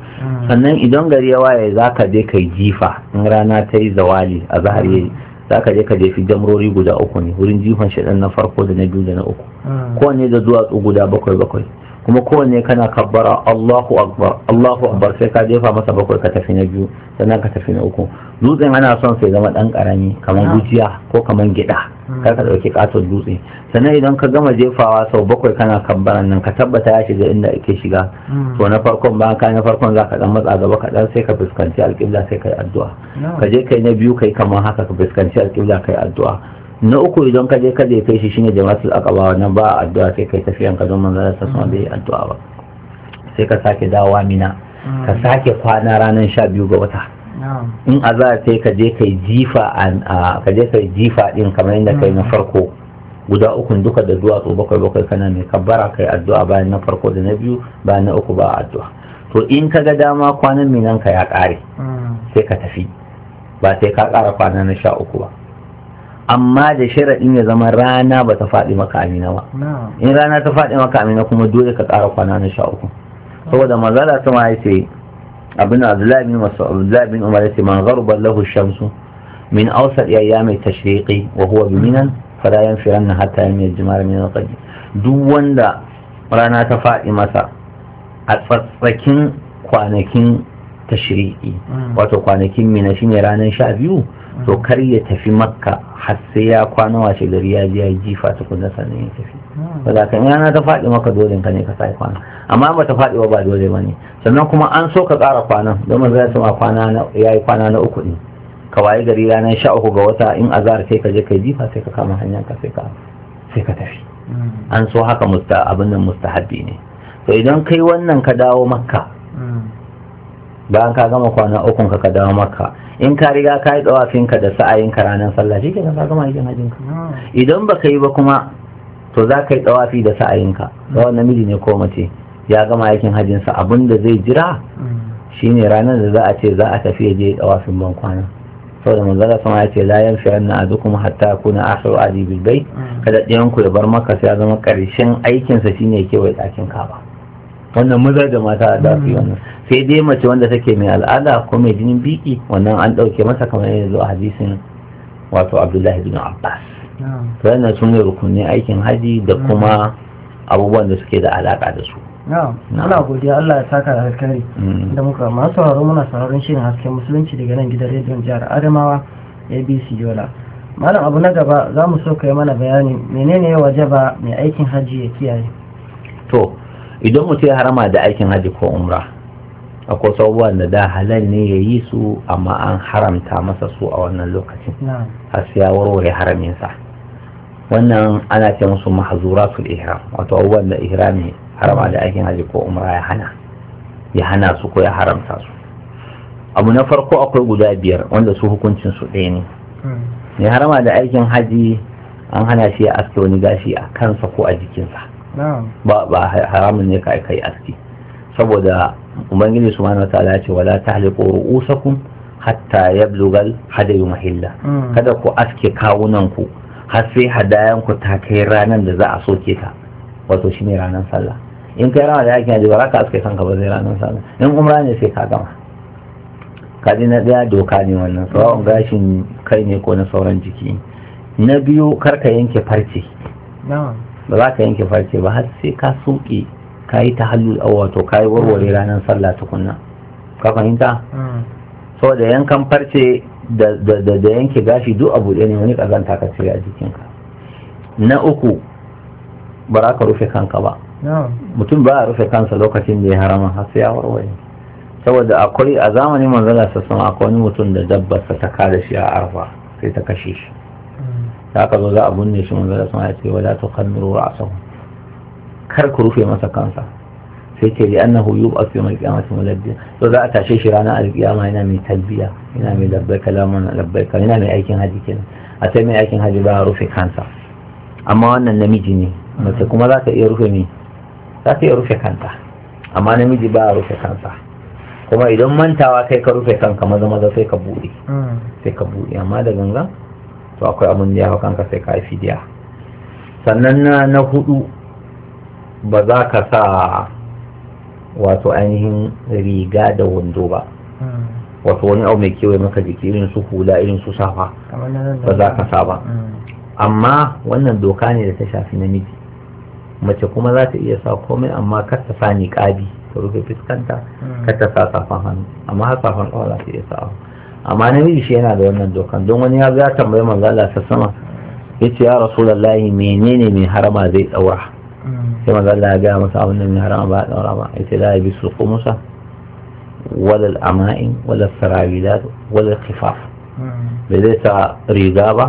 sannan idan gari ya waye za ka je kai jifa in rana ta yi zawali a zahar yayi za ka je ka jefi jamrori guda uku ne wurin jifan shaɗan na farko da na biyu da na uku hmm. kowanne da duwatsu guda bakwai bakwai kuma kowanne kana kabbara Allahu akbar Allahu akbar sai ka jefa masa bakwai ka tafi na biyu sannan ka tafi na uku dutsen ana son sai zama dan karami kamar gujiya ah. ko kamar gida hmm. kar ka dauki katon dutse sannan idan ka gama jefawa sau bakwai kana kabbaran nan ka tabbata ya shiga inda ake shiga hmm. to na farkon ba ka na farkon zaka dan matsa gaba kaɗan sai ka fuskanci alƙibla sai kai addu'a ka je kai na biyu kai kamar haka ka fuskanci alƙibla kai addu'a na uku idan ka je ka je kai shi shine jama'atul aqaba wannan ba addu'a kai kai tafiyan ka don manzon sa sama bai addu'a ba sai ka sake dawowa mina ka mm. sake kwana ranar sha biyu ga wata in a za sai ka je kai jifa ka je kai jifa din kamar yadda kai na mm. farko guda uku duka da duwatsu bakwai bakwai kana mai kabbara kai addu'a bayan na farko da na biyu bayan na uku ba addu'a to in ka ga dama kwanan minan ka ya kare mm. sai ka tafi ba sai ka kara kwana na sha uku ba amma da sharaɗin ya zama rana ba ta faɗi maka amina ba in rana ta faɗi maka amina kuma dole ka ƙara kwana na sha uku saboda mazala ta ma yace abin abdullahi bin umar yace man gharba lahu shamsu min awsat ayyami tashriqi wa huwa bi minan fala yanfiranna hatta yami al min al duk wanda rana ta faɗi masa a tsatsakin kwanakin tashriqi mm. wato kwanakin mina shine ranar sha biyu to kar ya tafi makka har sai ya kwana washe gari ya ya jifa tukunna sannan ya tafi ba za ka yi ta faɗi maka dole ka ne ka sai kwana amma ba ta faɗi ba dole ba ne sannan kuma an so ka ƙara kwanan don zai sama kwana ya yi kwana na uku ne ka waye gari ranar sha uku ga wata in azar sai ka je ka jifa sai ka kama hanyar ka sai ka sai ka tafi mm. an so haka musta abin nan mustahabbi ne to idan kai wannan ka dawo makka mm. bayan ka gama kwana ukun ka ka dawo maka in ka riga ka yi tsawafin ka da sa'ayin ka ranar sallah shi kenan ka gama aikin hajjin ka ah. idan baka yi ba kuma to za ka yi tsawafi da sa'ayin ka tsawon hmm. namiji ne ko mace ya gama aikin hajjin sa abin da zai jira hmm. shine ranar da za a ce za a tafi ya je tsawafin ban kwana saboda manzala sama ya ce la azu kuma hatta kuna akhiru adi bil bait hmm. kada ɗayan ku ya bar maka sai ya zama karshen aikinsa shine ne kewaye ɗakin kaba wannan maza da mata da su wannan sai dai mace wanda take mai al'ada ko mai jinin biki wannan an ɗauke masa kamar yanzu a hadisin wato abdullahi bin abbas yana sun yi rukunin aikin haji da kuma abubuwan da suke da alaƙa da su muna godiya Allah ya saka da alkhairi mm. da muka masu sauraro muna sauraron shirin hasken musulunci daga nan gidan rediyon jihar Adamawa ABC Yola malam abu na gaba za mu so kai mana bayani menene ya ba mai aikin haji ya kiyaye to idan mutum ya harama da aikin haji ko umra akwai abubuwan da da halal ne ya yi su amma an haramta masa su a wannan lokacin har sai ya warware haraminsa wannan ana ce musu mahzuratul ihram wato abubuwan da ihrami harama da aikin haji ko umra ya hana ya hana su ko ya haramta su abu na farko akwai guda biyar wanda su hukuncin su ɗaya ne hmm. mai harama da aikin haji an hana shi ya aske wani gashi a kansa ko a jikinsa ba haramun ne ka kai aski saboda ubangiji su mana ya ce wala ta tahliqu ru'usakum hatta hada yi mahilla mm. kada ku aske kawunan ku har sai hadayan ku ta kai ranar da za a soke ta wato shi ne ranar sallah in kai ranar da yake ba za ka aske ka ba zai ranar sallah in umra ne sai ka gama kaji na daya doka ne wannan sauran gashin kai ne ko na sauran jiki na biyu kar ka yanke farce ba za ka yanke farce ba har sai ka soke ka yi ta hallu wato kayi warware ranar sallah tukunna ka fahimta hmm. saboda yankan farce da yanke gashi duk abu ɗaya ne wani kazanta ka cire a jikinka na uku ba za ka rufe kanka ba mutum ba a rufe kansa lokacin da ya harama har ya warware saboda akwai a zamanin manzala sassan akwai wani mutum da dabbarsa ta kada shi a arfa sai ta kashe shi hmm. da aka zo za a binne shi manzala sassan wadatu kan wala a ra'sahu kar ku rufe masa kansa sai ce li'annahu yub'ath yawm al su mulabbiya to za a tashe shi ranar al-qiyama yana mai talbiya yana mai kalamun labbai kan yana mai aikin haji kenan a sai mai aikin haji ba rufe kansa amma wannan namiji ne mace kuma za ta iya rufe ne za ta iya rufe kanta amma namiji ba a rufe kansa kuma idan mantawa kai ka rufe kanka maza maza sai ka buɗe hmm. sai ka buɗe amma da gangan to akwai abin da ya kanka sai ka haifi diya sannan na hudu ba za ka sa wato ainihin riga da wando ba hmm. wato wani abu mai kewaye maka jiki irin su hula irin su safa ba za ka sa ba hmm. amma wannan doka ne da ta shafi namiji mace kuma za ta iya sa komai amma kar ta sa kabi ta rufe fuskanta hmm. kar ta sa safan hannu amma har safan ƙawa za ta iya sa amma namiji shi yana da wannan dokan don wani ya ga tambayi manzo Allah ta sama yace ya rasulullahi menene mai harama zai daura sai manzo Allah ya ga masa abin nan haram ba daura ba yace la yabisu qumusa wala al-ama'in wala sarabilat wala khifaf hmm. bai zai sa riga ba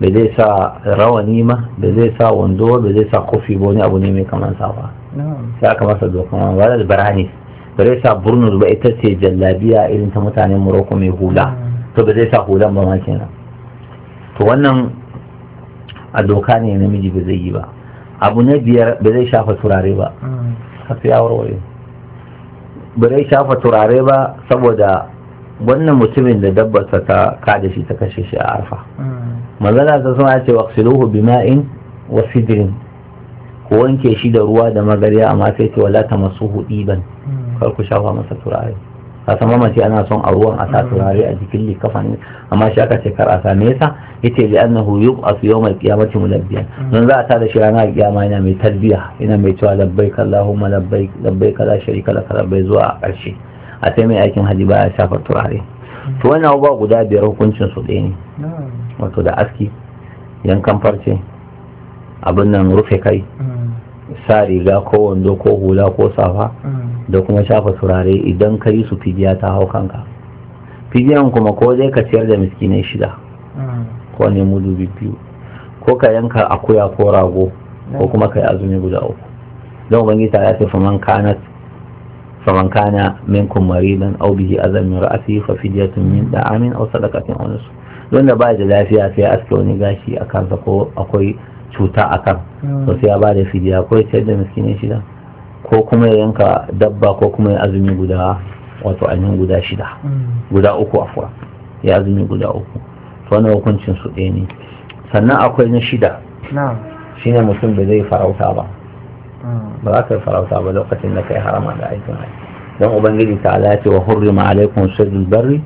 bai zai sa rawani ma bai zai sa wando bai zai sa kofi ba wani abu ne mai sa safa hmm. sai aka masa dokan wala al-barani bai sa burnus ba ita ce jallabiya irin ta mutanen Morocco mai hula hmm. to bai zai sa hulan ba ma kenan to wannan a doka ne namiji ba zai yi ba abu na biyar ba zai shafa turare ba mm. sai ya warware ba zai shafa turare ba saboda wannan mutumin da dabbarsa ta kada shi ta kashe shi a arfa magana ta suna ce wa siluhu bima'in wa sidirin ko wanke shi da ruwa da magariya amma sai ce wala ta masu ban mm. kar ku shafa masa turare kasan mace ana son a ruwan a sa turare a jikin likafani amma shi aka ce kar a sa me na yace a annahu yub'athu yawmal qiyamati mulabbiya don za a ta da shi ranar kiyama yana mai tarbiya yana mai cewa labbaik allahumma labbaik labbaik la sharika laka labbaik zuwa a ƙarshe a sai mai aikin haji baya shafa turare to wannan ba guda biyar hukuncin su ɗaya ne wato da aski yankan farce abin nan rufe kai mm. sa riga ko wando ko hula ko safa mm. da kuma shafa turare idan ka yi su fidiya ta hau kanka fidiyan kuma ko zai ka ciyar da miskinai shida mm. ko ne mudu biyu ko ka yanka akuya ko rago ko kuma ka yi azumi guda uku don ubangiji ta ya ce faman min فمن كان منكم مريضا او به اذى من راسه ففدية من طعام او صدقة او su. don da ba da lafiya sai aske wani gashi a kansa ko akwai cuta a kan to mm. sai ya ba da fidiya ko ya da miskinin shida ko kuma ya yanka dabba ko kuma ya azumi guda wato ainihin guda shida mm. guda uku a fura, ya azumi guda uku to wani hukuncin su ɗaya ne sannan akwai na shida shine mutum bai zai farauta ba mm. ba za ka yi farauta ba lokacin da kai harama da aikin aiki don ubangiji ta ala ce wa hurrima alaikum sirrul barri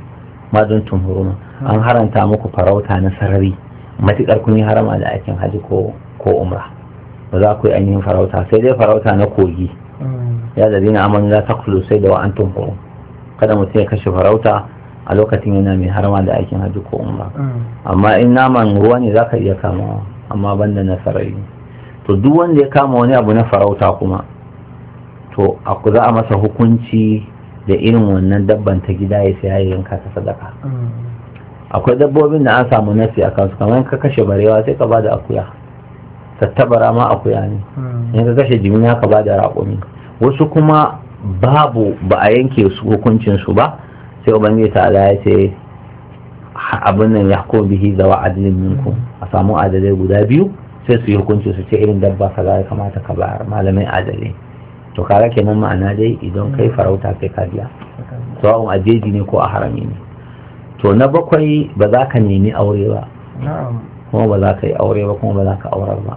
ma duntum huruma an haranta muku farauta na sarari matuƙar kun yi harama da aikin haji ko umra ba za ku yi ainihin farauta sai dai farauta na kogi mm. ya zabi na amon za ta kulu sai da wa an tunko kada mutum ya kashe farauta a lokacin yana mai harama da aikin hajji ko umra mm. amma in naman ruwa ne za ka iya kama amma banda na sarari to duk wanda ya kama wani abu na farauta kuma to za a masa hukunci da irin wannan dabban ta gida ya sai yanka ta sadaka mm. akwai dabbobin da an samu nasi a kansu kamar ka kashe barewa sai ka bada akuya tattabara ma akuya ne hmm. in ka kashe jimina ka bada raƙumi wasu kuma babu ba a yanke su hukuncin su ba sai ubangiji ta ya ce abin nan ya bihi zawa adalin minku a samu adalai guda biyu sai su yi hukunci su ce irin dabba kaza ya kamata ka bayar malamai adalai to kaga kenan ma'ana dai idan kai hmm. farauta kai ka biya a jeji ne ko a harami ne to na bakwai ba za ka nemi aure ba kuma ba za ka yi aure ba kuma ba za ka aurar ba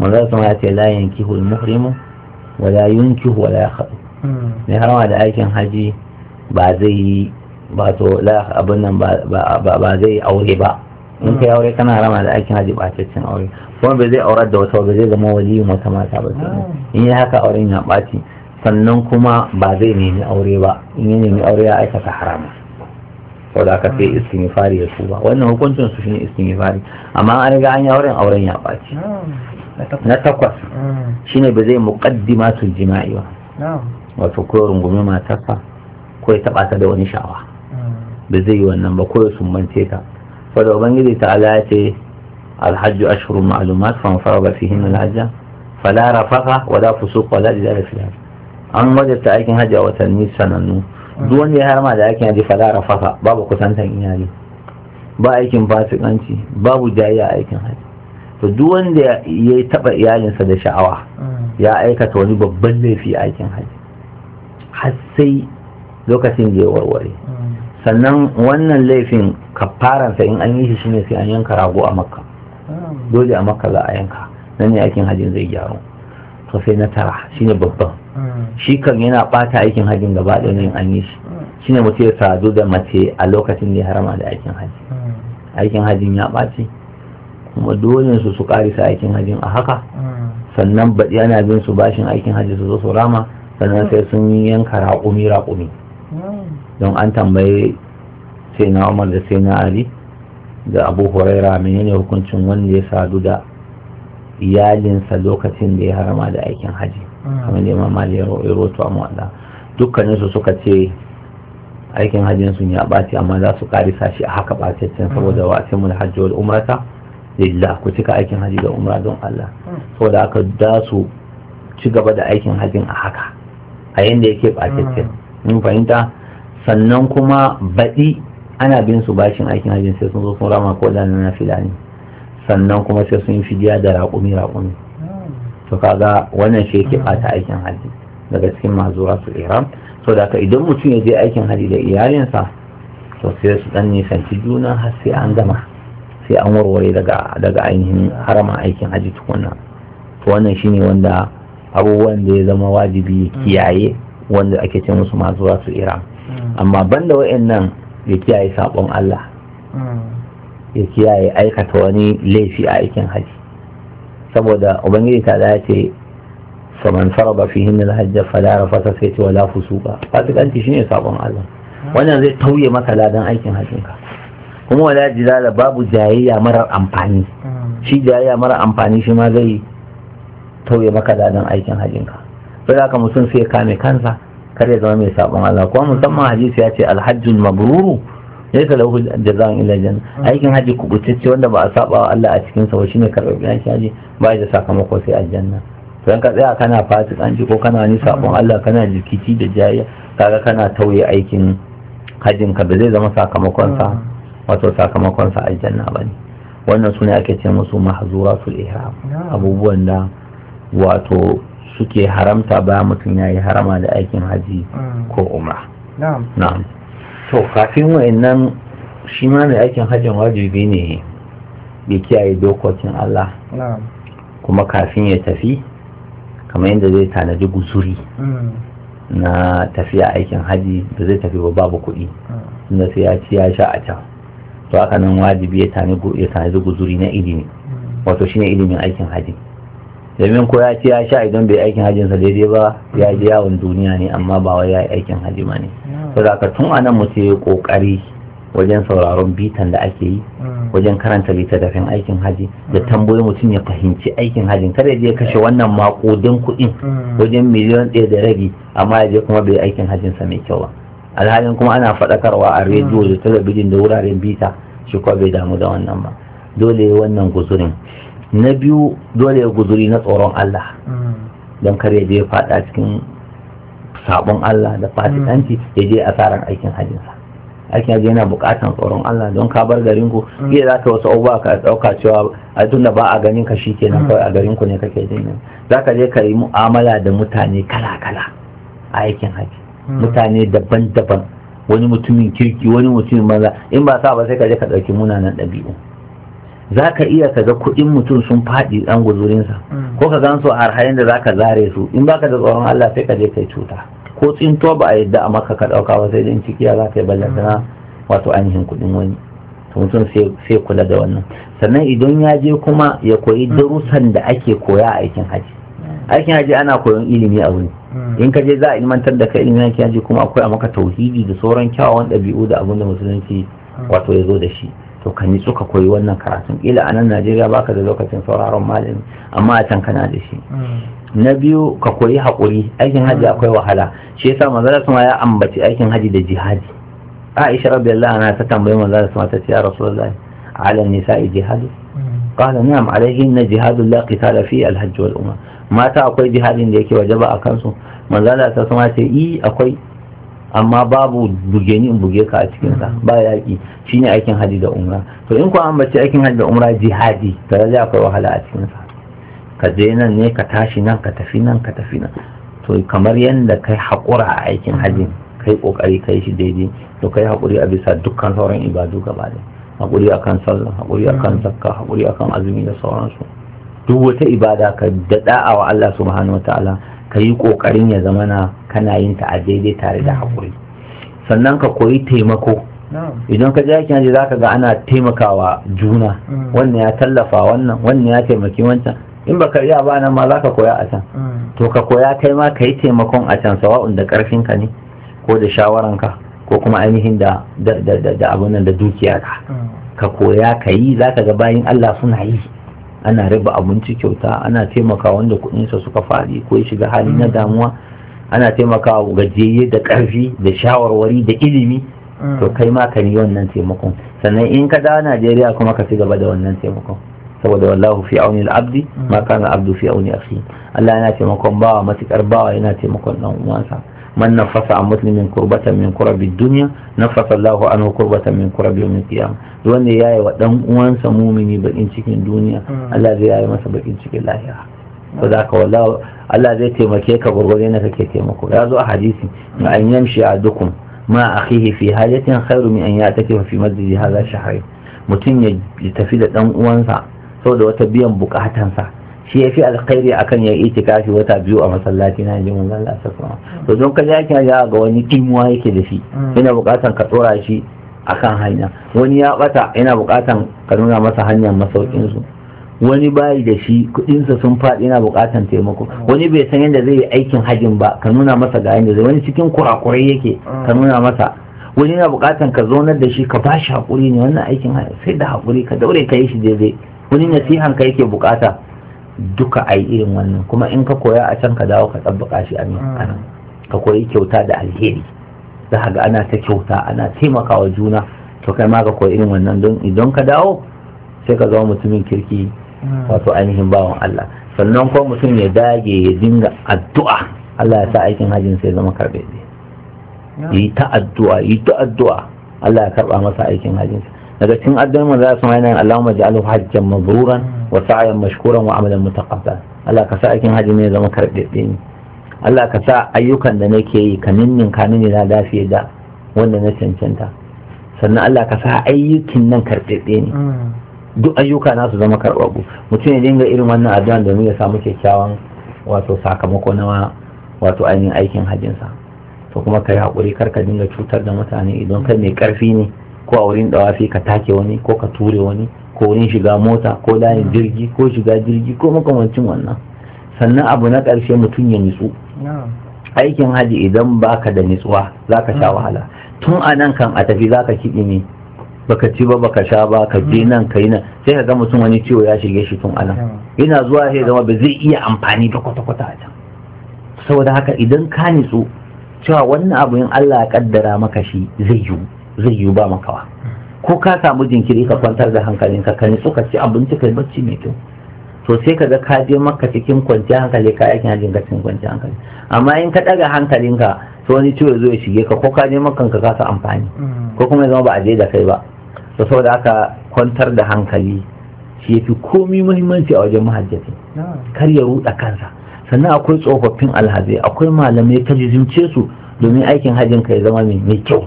manzo sama ya ce la yankihu al-muhrimu wa la yunkihu wa la yakhdu ne hmm. harama da aikin haji ba zai yi ba to la nan ba zai aure ba in kai aure kana rama da aikin haji ba cin aure kuma ba zai aurar da wata ba zai zama wali wata mata ba hmm. in yi haka auren ya ɓaci sannan kuma ba zai nemi aure ba in ya nemi aure ya aikata harama sau da aka sai istighfari ya tuba wannan hukuncin su shine istighfari amma an riga an yi auren auren ya ɓaci na takwas hmm. shine ba zai muqaddimatul jima'i ba wato ko rungume matarsa ko ya taɓa ta da wani hmm. ba zai yi wannan ba ko ya sumbance ta saboda ubangiji ta ala ce alhajju ashhurun ma'lumat fa farada fihin alhajja fala rafaqa wala fusuq wala jidala fil an wajata aikin hajji a watanni sanannu duk wanda ya harma da aikin haji fala fasa babu kusantan iyali ba aikin fasikanci babu jayayya aikin haji to duk wanda ya taba iyalinsa da sha'awa mm. ya aikata wani babban laifi aikin haji har sai lokacin da ya warware mm. sannan wannan laifin kafaransa in an yi shi shine sai an yanka rago a makka mm. dole a makka za a yanka nan ne aikin hajjin zai gyaru to sai na tara shine babban mm. shi kan yana bata aikin hajjin gaba da yin an yi shi mm. shine mutum ya sadu da mace a lokacin da ya harama da aikin hajji mm. aikin hajjin ya ɓaci kuma dole su su karisa aikin hajjin a haka sannan baɗi ana bin su bashin aikin hajji su zo su rama sannan sai sun yi yanka raƙumi raƙumi don an tambaye sai na umar da sai na ali da abu huraira menene hukuncin wanda ya sadu da iyalinsa lokacin da ya harama da aikin haji mm. kamar da imam mali ya rotu a dukkanin dukkaninsu suka ce aikin hajjin sun ya ɓace amma za su karisa shi a haka ɓacaccen mm. saboda wasu mun hajji wal umrata lillah ku cika aikin haji da umra don Allah mm. saboda aka da su ci gaba da aikin hajjin a haka a yanda yake ɓacaccen mun fahimta sannan kuma baɗi ana bin su bashin aikin hajjin sai sun zo sun rama ko da na fila ne sannan kuma sai sun yi fidiya da raƙumi raƙumi to kaga wannan shi yake bata aikin haji daga cikin zuwa su ihram so da idan mutum ya je aikin haji da iyalinsa to sai su dan nisanci juna har sai an gama sai an warware daga daga ainihin harama aikin haji tukunna to wannan shine wanda abubuwan da ya zama wajibi kiyaye wanda ake ce musu zuwa su ihram mm. amma banda wa'annan ya kiyaye sabon Allah mm. ya kiyaye aikata wani laifi a aikin haji saboda ubangiji ta ce saman faraba fihin alhajj fala fasa sai ce wala fusuka fasikanci ne sabon Allah wannan zai tauye maka ladan aikin hajjin kuma wala jidala babu jayayya marar amfani shi jayayya marar amfani shi ma zai tauye maka ladan aikin hajjin ka sai haka mutum sai kame kansa Kar ya zama mai sabon Allah kuma musamman hadisi ya ce alhajjul mabruru ya ta lahu jaza'un ila janna aikin haji kubutacce wanda ba a saba wa Allah a cikin sa shine karɓar biyan haji ba da sakamako sai aljanna don ka tsaya kana fasikanci ko kana ni sabon Allah kana rikici da jayya kaga kana tauye aikin hajin ka ba zai zama sakamakon sa wato sakamakon sa ba ne wannan sune ake ce musu mahzuratul ihram abubuwan da wato suke haramta ba mutum ya yi harama da aikin haji ko umra na'am to kafin wa'annan shi ma mai aikin hajjin wajibi ne ya kiyaye dokokin Allah kuma kafin ya tafi kamar yadda zai tanadi guzuri mm. na tafiya aikin haji da zai tafi ba babu kuɗi inda mm. sai ya ci ya sha a can to haka nan wajibi ya tanadi guzuri na ilimi mm. wato shine ilimin aikin haji domin ko ya ci ya sha idan bai aikin hajjinsa daidai ba ya ji yawon duniya ne amma ba wai ya yi aikin haji ba ne ka tun nan mu sai kokari wajen sauraron bitan da ake yi mm. wajen karanta littattafin aikin haji da mm. tambayi mutum ya fahimci aikin hajin kada je kashe mm. wannan makudin kuɗin wajen miliyan ɗaya da rabi amma ya je kuma bai aikin hajin sa mai kyau ba alhalin kuma ana faɗakarwa a rediyo da talabijin da wuraren bita shi kuma bai damu da wannan ba dole wannan guzurin na biyu dole ya guzuri na tsoron Allah don kar ya faɗa cikin sabon Allah da fasikanci mm. ya je asaran aikin hajjinsa aikin hajji yana bukatan tsoron Allah don ka bar garin ku mm. iya za ka wasu abubuwa ka dauka cewa a tunda ba a ganin ka shi kenan mm. kawai a garin ku ne kake jin za ka je ka yi mu'amala da mutane kala kala a aikin hajji mutane daban-daban wani mutumin kirki wani mutumin maza in ba sa ba sai ka je ka ɗauki munanan ɗabi'u za ka iya ka ga kuɗin mutum sun faɗi ɗan guzurinsa mm. ko ka gan su a harharin da za ka zare su in baka da tsoron Allah sai ka je kai cuta ko tsinto ba a yadda a maka ka ɗauka ba sai dai cikiya za ka yi na wato ainihin kuɗin wani mutum sai kula da wannan sannan idan ya je kuma ya koyi mm. darussan da ake koya a aikin haji mm. aikin haji ana koyon ilimi a wuri in ka je za a ilmantar da kai ilimin aikin haji kuma akwai a maka tauhidi da sauran kyawawan ɗabi'u da abin da musulunci wato ya zo da shi to ka nitsu ka koyi wannan karatun Ila a nan najeriya baka da lokacin sauraron malami amma a can kana da shi mm. na biyu ka koyi haƙuri aikin haji mm. akwai wahala shi yasa manzara suma ya ambaci aikin haji da jihadi aisha radiyallahu anha ta tambayi manzara suma ta ce ya rasulullahi ala nisa'i jihadu mm. qala na'am na jihadu la qitala fi al-hajj wal umra mata akwai jihadin da yake wajaba a kansu manzara ta suma ce i akwai amma babu buge in buge ka a cikinsa mm. ba yaƙi shine aikin haji da umra to in kuwa an bace aikin haji da umra jihadi to zai akwai wahala a cikinsa ka je nan ne ka tashi nan ka tafi nan ka tafi nan to kamar yadda kai haƙura a aikin mm. haji kai ƙoƙari kai shi daidai to kai haƙuri a bisa dukkan sauran ibadu gaba ɗaya haƙuri akan sallah haƙuri akan mm. zakka haƙuri akan azumi da sauransu duk wata ibada ka daɗa wa Allah subhanahu wa ta'ala ka yi ƙoƙarin ya zama na kana yin ta a daidai tare da haƙuri sannan ka koyi taimako idan ka je aikin za ka ga ana taimakawa juna mm. wannan ya tallafa wannan wannan ya taimaki wancan in ba ka iya ba nan ma za ka koya a can mm. to ka koya kai ma ka yi taimakon a can sawa'un da ka ne ko da shawaranka ko kuma ainihin da da da dukiya mm. ka koya ka yi za ka ga bayan allah suna yi ana raba abinci kyauta ana taimaka wanda sa suka faɗi ko ya shiga hali na mm. damuwa ana taimaka gajiyayye da ƙarfi da shawarwari da ilimi mm. to kai ma ka yi wannan taimakon sannan in ka dawo najeriya kuma ka ci gaba da wannan taimakon saboda wallahu fi auni al-abdi mm. ma kana abdu fi auni akhi Allah yana taimakon bawa matukar bawa yana taimakon dan uwansa Aman nafasa a musulmin kurbatan min kurabi duniya nafasa Allahu anhu kurbatan min kurabi yawmin qiyam duk wanda ya yi wa dan uwansa mumini bakin cikin duniya Allah zai yayi masa bakin cikin lahira ko Allah zai taimake ka gurgurde na kake taimako ya zo a hadisi ma an yamshi adukum ma akhihi fi hajatin khairu min an yatakifa fi masjidi hadha shahri mutum ya tafi da dan uwansa saboda wata biyan bukatansa shi ya fi alkhairi akan ya itikafi wata biyu a masallaci na ji mun Allah sallallahu to don ka ji ga wani kimuwa yake da shi mm. yana bukatan ka tsora shi kan hanya wani ya bata yana bukatan ka nuna masa hanyar masaukinsu wani bayi da shi kudinsa sun faɗi yana bukatan taimako wani bai san yadda zai yi aikin hajin ba ka nuna masa ga yadda zai wani cikin kurakurai yake mm. ka nuna masa wani yana bukatan ka zaunar da shi ka ba shi haƙuri ne wannan aikin sai da haƙuri ka daure ka yi shi daidai wani nasihan ka yake bukata duka a yi irin wannan kuma in ka koya a can ka dawo ka tsabbaka shi a nan ka koyi kyauta da alheri za ka ga ana ta kyauta ana taimakawa juna to kai ma ka koyi irin wannan don idan ka dawo sai ka zama mutumin kirki wato ainihin bawan Allah sannan ko mutum ya dage ya dinga addu'a Allah ya sa aikin hajjin sai zama karbe yi ta addu'a yi ta addu'a Allah ya karba masa aikin hajjin daga cikin addinin manzo Allah sama yana Allahumma ja'alhu hajjan mabruran wa sa'yan mashkuran wa amalan mutaqabbal Allah ka sa aikin haji ne zama karɓaɓɓe ne Allah ka sa ayyukan da nake yi ka ninnin ka na da wanda na cancanta sannan Allah ka sa ayyukin nan karɓaɓɓe ne mm. duk ayyuka na zama karɓaɓɓu mutum ya dinga irin wannan da domin ya samu kyakkyawan wato sakamako na wato ainihin aikin hajjinsa. to kuma ka yi haƙuri kar ka dinga cutar da mutane idan kai mai ƙarfi ne ko a wurin ɗawafi ka take wani ko ka ture wani ko wurin shiga mota ko layin mm. jirgi ko shiga jirgi ko makamancin wannan sannan abu na ƙarshe mutum ya nitsu aikin haji idan baka da nitsuwa ka sha mm. wahala tun a nan kan a tafi za ka kiɗi ne baka ci ba baka sha ba ka je mm. nan ka yi nan sai ka ga mutum wani ciwo ya shige shi tun a nan yana zuwa sai zama ba zai iya amfani da kwata-kwata a can saboda haka idan ka nitsu cewa wannan abu in Allah ya kaddara maka shi zai yiwu zai yiwu ba wa ko ka samu jinkiri ka kwantar da hankalinka ka nitsu ka ci abinci kai bacci mai kyau to sai ka ga ka je maka cikin kwanciyar hankali ka yakin hajjin ka cikin kwanciyar hankali amma in ka ɗaga hankalinka to wani ciwo zo ya shige ka ko ka je maka ka kasa amfani ko kuma zama ba a je da kai ba to saboda haka kwantar da hankali shi yafi komi muhimmanci a wajen mahajjati kar ya ruɗa kansa sannan akwai tsofaffin alhazai akwai malamai ka jizimce su domin aikin hajjin ya zama mai kyau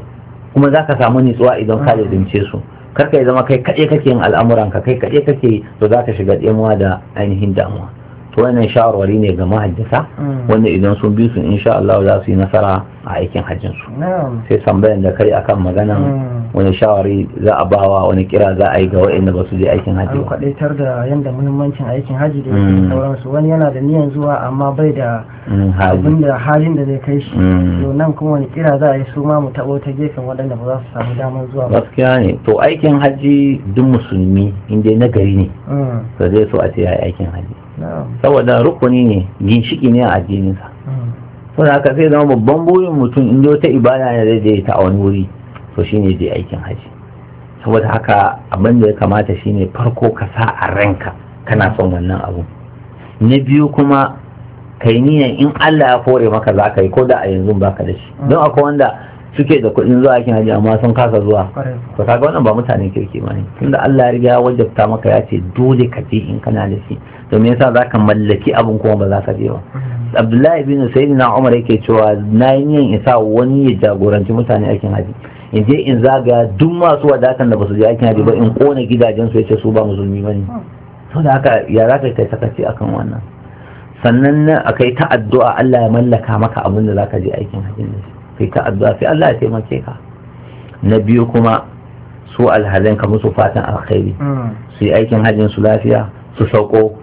kuma za ka samu nitsuwa idan ka lalace su karka ya zama kai kaɗai kake yin al'amuranka kai kaɗai kake to za ka shiga ɗemuwa da ainihin damuwa to wannan shawarwari ne ga mahaddasa mm. wanda idan sun bi su insha Allah za su yi nasara a aikin hajjin su sai tambayar da kai akan maganan mm. wani shawari za a bawa wani kira za a yi ga waɗanda ba su je aikin hajji ba kwadaitar da yanda muhimmancin aikin hajji da yake mm. sauransu wani yana da niyan zuwa amma bai da abin da halin da zai kai shi to nan kuma wani kira za a yi su ma mu tabo ta gefen waɗanda ba za su samu damar zuwa ba gaskiya ne to aikin hajji duk musulmi in dai nagari ne to zai so a ce ya aikin hajji saboda rukuni ne ginshiki ne a addininsa hmm. sun haka sai zama babban burin mutum in wata ibada ne zai zai ta a wani wuri to shine zai aikin haji saboda haka abin da ya kamata shine farko ka sa a ranka kana son wannan abu na biyu kuma kai niyan in Allah ya kore maka za ka yi ko da a yanzu baka da shi don hmm. akwai wanda suke da kuɗin zuwa aikin hajji amma sun kasa zuwa to kaga wannan ba mutane kirki ba ne tunda Allah ya riga ya wajabta maka ya ce dole ka je in kana da shi to me yasa zaka mallaki abin kuma ba za ka je ba mm. Abdullahi bin Sayyidina Umar yake cewa na yin yin isa wani ya jagoranci mutane aikin hajji in je in zaga duk masu wadatan da basu je aikin hajji ba in kona gidajen su yace su ba musulmi bane ne. Mm. haka ya zaka kai sakaci akan wannan sannan akai ta addu'a Allah ya mallaka maka abin da zaka je aikin hajji da kai ka addu'a sai Allah ya taimake ka na biyu kuma su alhazan ka musu fatan alkhairi hmm. su yi aikin hajjin su lafiya su sauko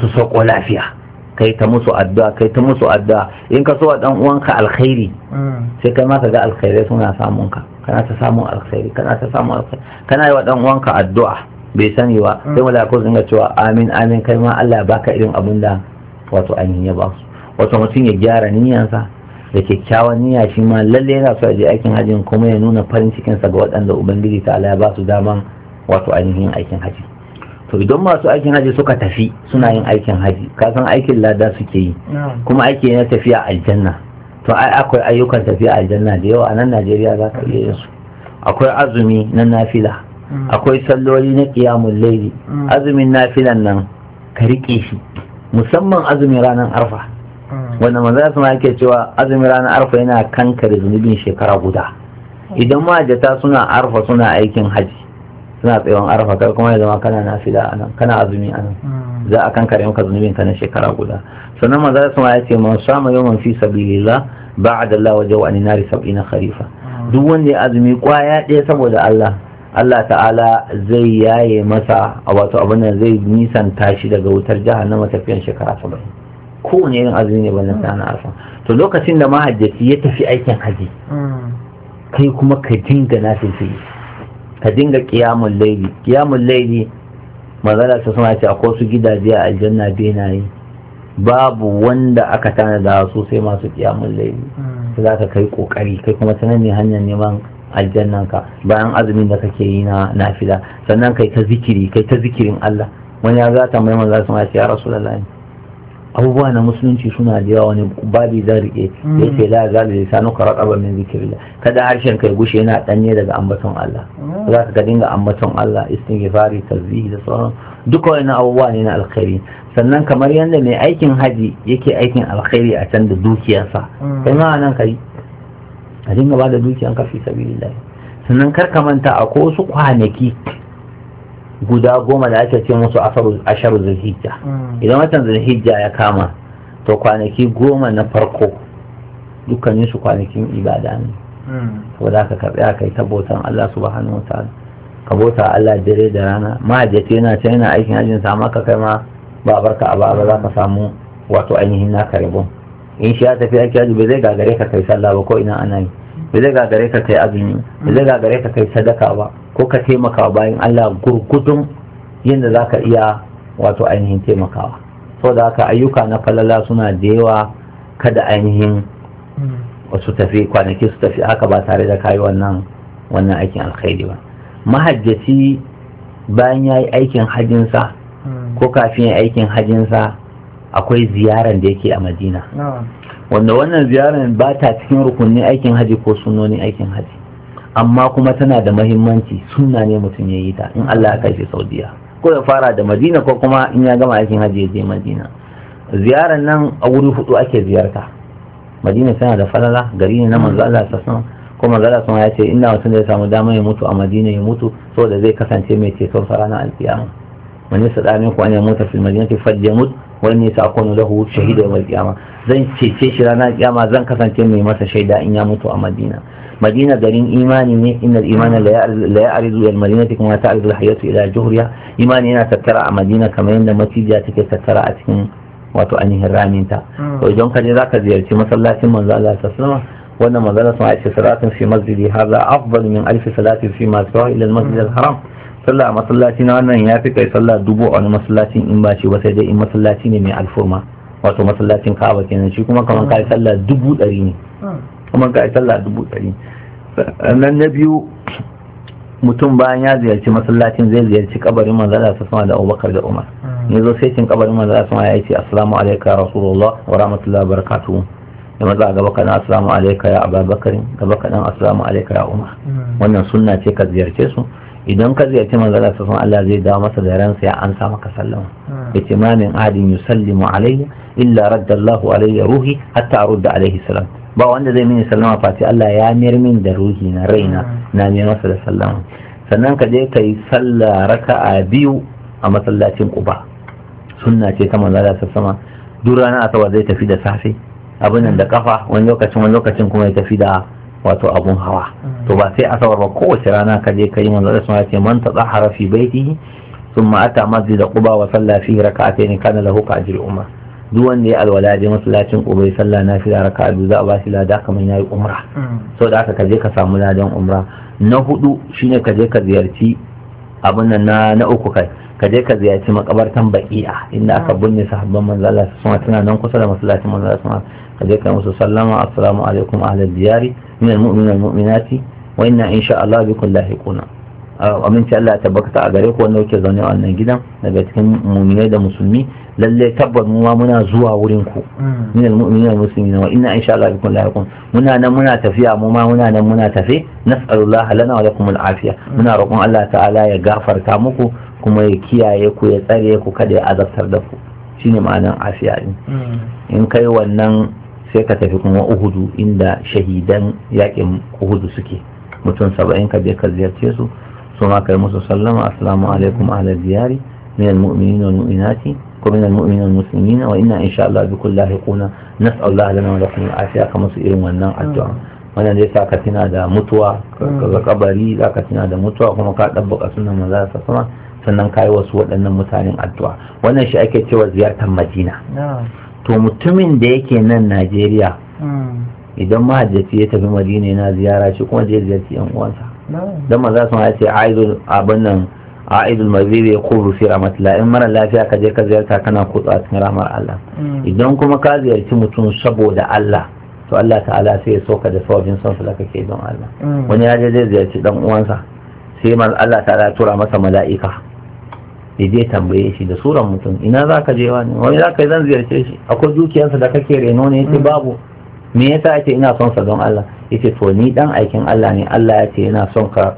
su sauko lafiya kai ta musu addu'a kai ta musu addu'a in ka so wa dan uwanka alkhairi hmm. sai kai ma ka ga alkhairai suna samun ka kana ta samun alkhairi kana ta samun alkhairi kana yi wa dan uwanka addu'a bai sani ba hmm. sai malaiku su dinga cewa amin amin kai ma Allah ya baka irin abin da wato ainihin ya ba su wato mutum ya gyara niyyansa da kyakkyawan niyya shi ma lalle yana so je aikin hajji kuma ya nuna farin cikinsa ga waɗanda ubangiji ta ya ba su daman wato ainihin aikin hajji to idan masu aikin haji suka tafi suna yin aikin ka san aikin lada suke yi kuma aiki na tafiya aljanna to ai akwai ayyukan tafiya aljanna da yawa a nan najeriya za ka iya su akwai azumi na nafila mm. akwai salloli na kiyamun laili mm. azumin nafilan nan ka riƙe shi musamman azumin ranar arfa wanda manzan su yake cewa azumin ranar arfa yana kankare zunubin shekara guda idan ma'ajata suna arfa suna aikin hajji suna tsayon arfa kai kuma ya zama kana nafila a nan kana azumi a nan za a kankare maka zunubin ka na shekara guda sannan manzan su ya ce man sama yawan fi sabilillah ba'ada Allah wajahu an nari na kharifa duk wanda ya azumi kwaya ɗaya saboda Allah Allah ta'ala zai yaye masa a wato abin zai nisan tashi daga wutar jihar na matafiyan shekara saba'in kowane irin azumi ne wannan sana arfa to lokacin da mahajjaci ya tafi aikin haji kai kuma ka dinga nafilfili ka dinga kiyamun laili kiyamun laili magana su suna ce akwai su gidaje a aljanna benaye babu wanda aka tanada su sai masu kiyamun laili su za ka kai kokari kai kuma sanar ne hanyar neman aljannan ka bayan azumin da kake yi na nafila sannan kai ta zikiri kai ta zikirin Allah wani ya zata mai manzo sun ce ya rasulullahi abubuwa na musulunci suna da yawa wani babi zan rike mm. ya ce la zalu lisanu ka raqaba min zikrillah kada harshen kai gushe yana danye daga ambaton Allah mm. za ka dinga ambaton Allah istighfari tasbihi da sauran duka wani abubuwa ne na alkhairi sannan kamar yadda mai aikin haji yake aikin alkhairi a can da dukiyarsa mm. kai ma nan kai a dinga ba da ka fi sabilillah sannan kar ka manta a ko wasu kwanaki guda goma da ake ce musu asharu zulhijja mm. idan watan zulhijja ya kama to kwanaki goma na farko dukkanin su kwanakin ibada ne to mm. da ka karɓi a kai tabbautan Allah subhanahu wa ta'ala ka Allah dare da rana mahajjata yana can yana aikin hajjin sama ka kai ma ba barka a ba za ka samu wato ainihin naka rabon in shi ya tafi aiki hajji bai zai gagare ka kai sallah ba ko ina ana yi ba zai gagare ka kai azumi ba zai gagare ka kai sadaka ba ko ka taimaka bayan Allah gurgudun yadda za ka iya wato ainihin taimakawa saboda haka ayyuka na falala suna da yawa kada ainihin wasu tafi kwanaki su tafi haka ba tare da kayi wannan wannan aikin alkhairi ba mahajjaci bayan ya yi aikin hajjinsa hmm. ko kafin ya aikin hajjinsa akwai ziyaran da yake a madina wanda wannan ziyarar ba ta cikin rukunin aikin haji ko sunonin aikin haji amma kuma tana da mahimmanci sunna ne mutum ya yi ta in Allah ya kai shi Saudiya ko ya fara da Madina ko kuma in ya gama aikin haji ya je Madina ziyarar nan a wuri hudu ake ziyarta Madina tana da falala gari ne na manzo Allah sallallahu ko manzo Allah ya ce inna mutum ya samu dama ya mutu a Madina ya mutu saboda zai kasance mai ceto sa ranar alkiyama wani sadani da an ya mutu fil madinati falyamut wani inni sa'kunu lahu shahida yawm kiyama zan cece shi ranar kiyama zan kasance mai masa shaida in ya mutu a madina madina garin imani ne innal imana la ya'ridu al madinati kama ta'ridu al hayatu ila juhriya imani yana tattara a madina kamar yadda macijiya take tattara a cikin wato ainihin raminta hmm. to idan ka je zaka ziyarci masallacin manzo Allah sallallahu wannan manzo Allah sallallahu alaihi wasallam fi masjidi hadha afdal min alf salati fi ma sawa ila al masjid hmm. al haram sallah a masallaci na wannan ya fi kai sallah dubu a wani masallacin in ba shi ba sai dai in masallaci ne mai alfurma wato masallacin kaba kenan shi kuma kamar kai sallah dubu ɗari ne kuma kai sallah dubu ɗari sannan na biyu mutum bayan ya ziyarci masallacin zai ziyarci kabarin manzala ta sama da abubakar da umar ne zo sai cin kabarin manzala sama ya ce assalamu alaika rasulullah wa rahmatullahi wa barakatuhu da maza gaba kaɗan assalamu alaika ya ababakar gaba kaɗan assalamu alaika ya umar wannan sunna ce ka ziyarce su idan ka ziyarci manzala ta sama Allah zai dawo masa da ransa ya ansa maka sallama yace ma min adin yusallimu alayya illa raddallahu alayya ruhi hatta arudda alayhi salam ba wanda zai mini sallama fati Allah ya mayar min da ruhi na raina na mayar masa da sallama sannan ka je ka yi sallah raka'a biyu a masallacin Quba sunna ce ta manzo Allah sama duk rana asabar zai tafi da safe abin da kafa wani lokacin wani lokacin kuma ya tafi da wato abun hawa to ba sai asabar ba kowace rana ka je ka yi manzo Allah sama ce man tadahara fi baitihi ثم أتى مسجد قبى وصلى فيه ركعتين كان له كأجر أمه duk wanda ya alwala je masallacin ubai sallah na fila raka biyu za a ba shi lada kamar yayi umra so da aka kaje ka samu ladan umra na hudu shine kaje ka ziyarci abin nan na na uku kai kaje ka ziyarci makabartan baqi'a inda aka binne sahabban manzo Allah su tana nan kusa da masallacin manzo Allah kaje ka musu sallama assalamu alaikum ahlal diyari min almu'minina almu'minati wa inna insha Allah bikum lahiquna aminci Allah ya tabbata a gare ku wanda yake zaune a wannan gidan daga cikin muminai da musulmi lalle tabbas mu ma muna zuwa wurin ku mm. min almu'minina muslimina wa inna insha Allah bikum lahiqun muna nan muna tafiya mu ma muna nan muna tafi nas'alullah lana wa lakum al'afiya mm. muna roƙon Allah ta'ala ya gafarta muku kuma ya kiyaye ku ya tsare ku kada ya azabtar da ku shine ma'anar afiya din mm. in kai wannan sai ka tafi kuma uhudu inda shahidan yakin uhudu suke mutum saba'in ka je ka ziyarce su su ma kai musu sallama assalamu alaikum ala ziyari. min almu'minina wal mu'minati ومن المؤمنين المسلمين وإنا إن شاء الله بكل لاحقون da الله لنا ولكم العافية كما سئلوا منا الدعاء wannan dai sa ka tuna da mutuwa kaga kabari za ka tuna da mutuwa kuma ka ɗabbaka sunan manzo sama sannan ka yi wasu waɗannan mutanen addu'a wannan shi ake cewa ziyartar madina to mutumin da yake nan najeriya idan mahajjaci ya tafi madina yana ziyara shi kuma zai ziyarci yan uwansa dan manzo sa ya ce aizo abin nan a'idul mazir ya kuru fi rahmatillah in mara lafiya ka je ka ziyarta kana kutsa cikin ramar Allah mm. idan kuma ka ziyarci mutum saboda Allah to Allah ta'ala sai ya sauka da sababin son su da kake don Allah mm. wani ya je zai ziyarci dan uwansa sai man Allah ta'ala ya tura masa mala'ika ya je tambaye shi da suran mutum ina za ka je wani wani za ka yi zan ziyarce shi akwai dukiyarsa da kake reno ne yace mm. babu me yasa ake ina son sa don Allah yace to ni dan aikin Allah ne Allah ya ce yana son ka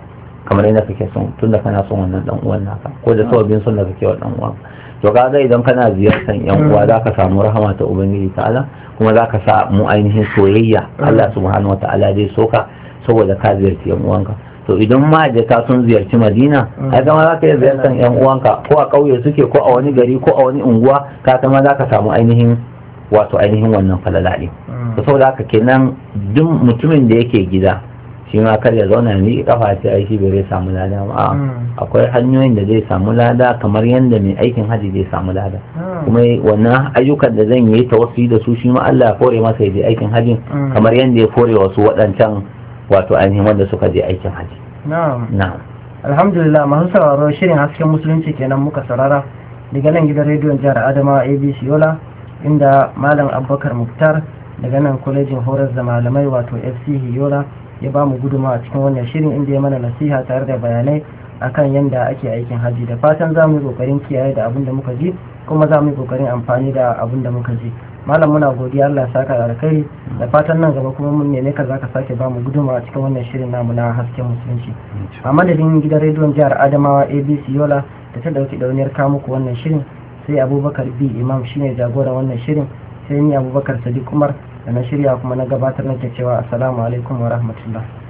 kamar yadda kake son tun da kana son wannan dan uwan naka ko da sababin son da kake wa dan uwan to kaga idan kana ziyartar yan uwa zaka samu rahama ta ubangiji ta'ala kuma zaka sa mu ainihin soyayya Allah subhanahu wataala dai soka saboda ka ziyarci yan uwanka to idan ma'ajata sun ziyarci madina ai kama za ka yi ziyartar yan uwanka ko a kauye suke ko a wani gari ko a wani unguwa ka kama za ka samu ainihin wato ainihin wannan falala saboda haka kenan duk mutumin da yake gida shi ma kar ya zauna ni kafa ce ai shi bai samu lada ba hmm. akwai hanyoyin da zai samu lada kamar yadda mai aikin haji zai samu lada hmm. kuma wannan ayyukan da zan yi tawassuli da su shi ma Allah ya kore masa ya aikin hajin hmm. kamar yadda ya kore wasu waɗancan wato ainihin wanda suka je aikin haji na'am alhamdulillah masu sauraro shirin hasken musulunci kenan muka saurara daga nan gidan rediyon jihar adamawa abc yola inda malam abubakar muktar daga nan kwalejin horar da malamai wato fc yola ya ba mu guduma a cikin wannan shirin inda ya mana nasiha tare da bayanai akan yadda ake aikin haji da fatan za mu yi kokarin kiyaye da abin da muka ji kuma za mu yi kokarin amfani da abin da muka ji malam muna godiya Allah saka da alkhairi da fatan nan gaba kuma mun neme ka zaka sake ba mu guduma a cikin wannan shirin namu na hasken musulunci a madadin gidan rediyon jihar Adamawa ABC Yola da ta dauki dauniyar kamuku wannan shirin sai Abubakar B Imam shine jagoran wannan shirin sai ni abubakar sadiq umar da na shirya kuma na gabatar nake cewa assalamu alaikum wa rahmatullah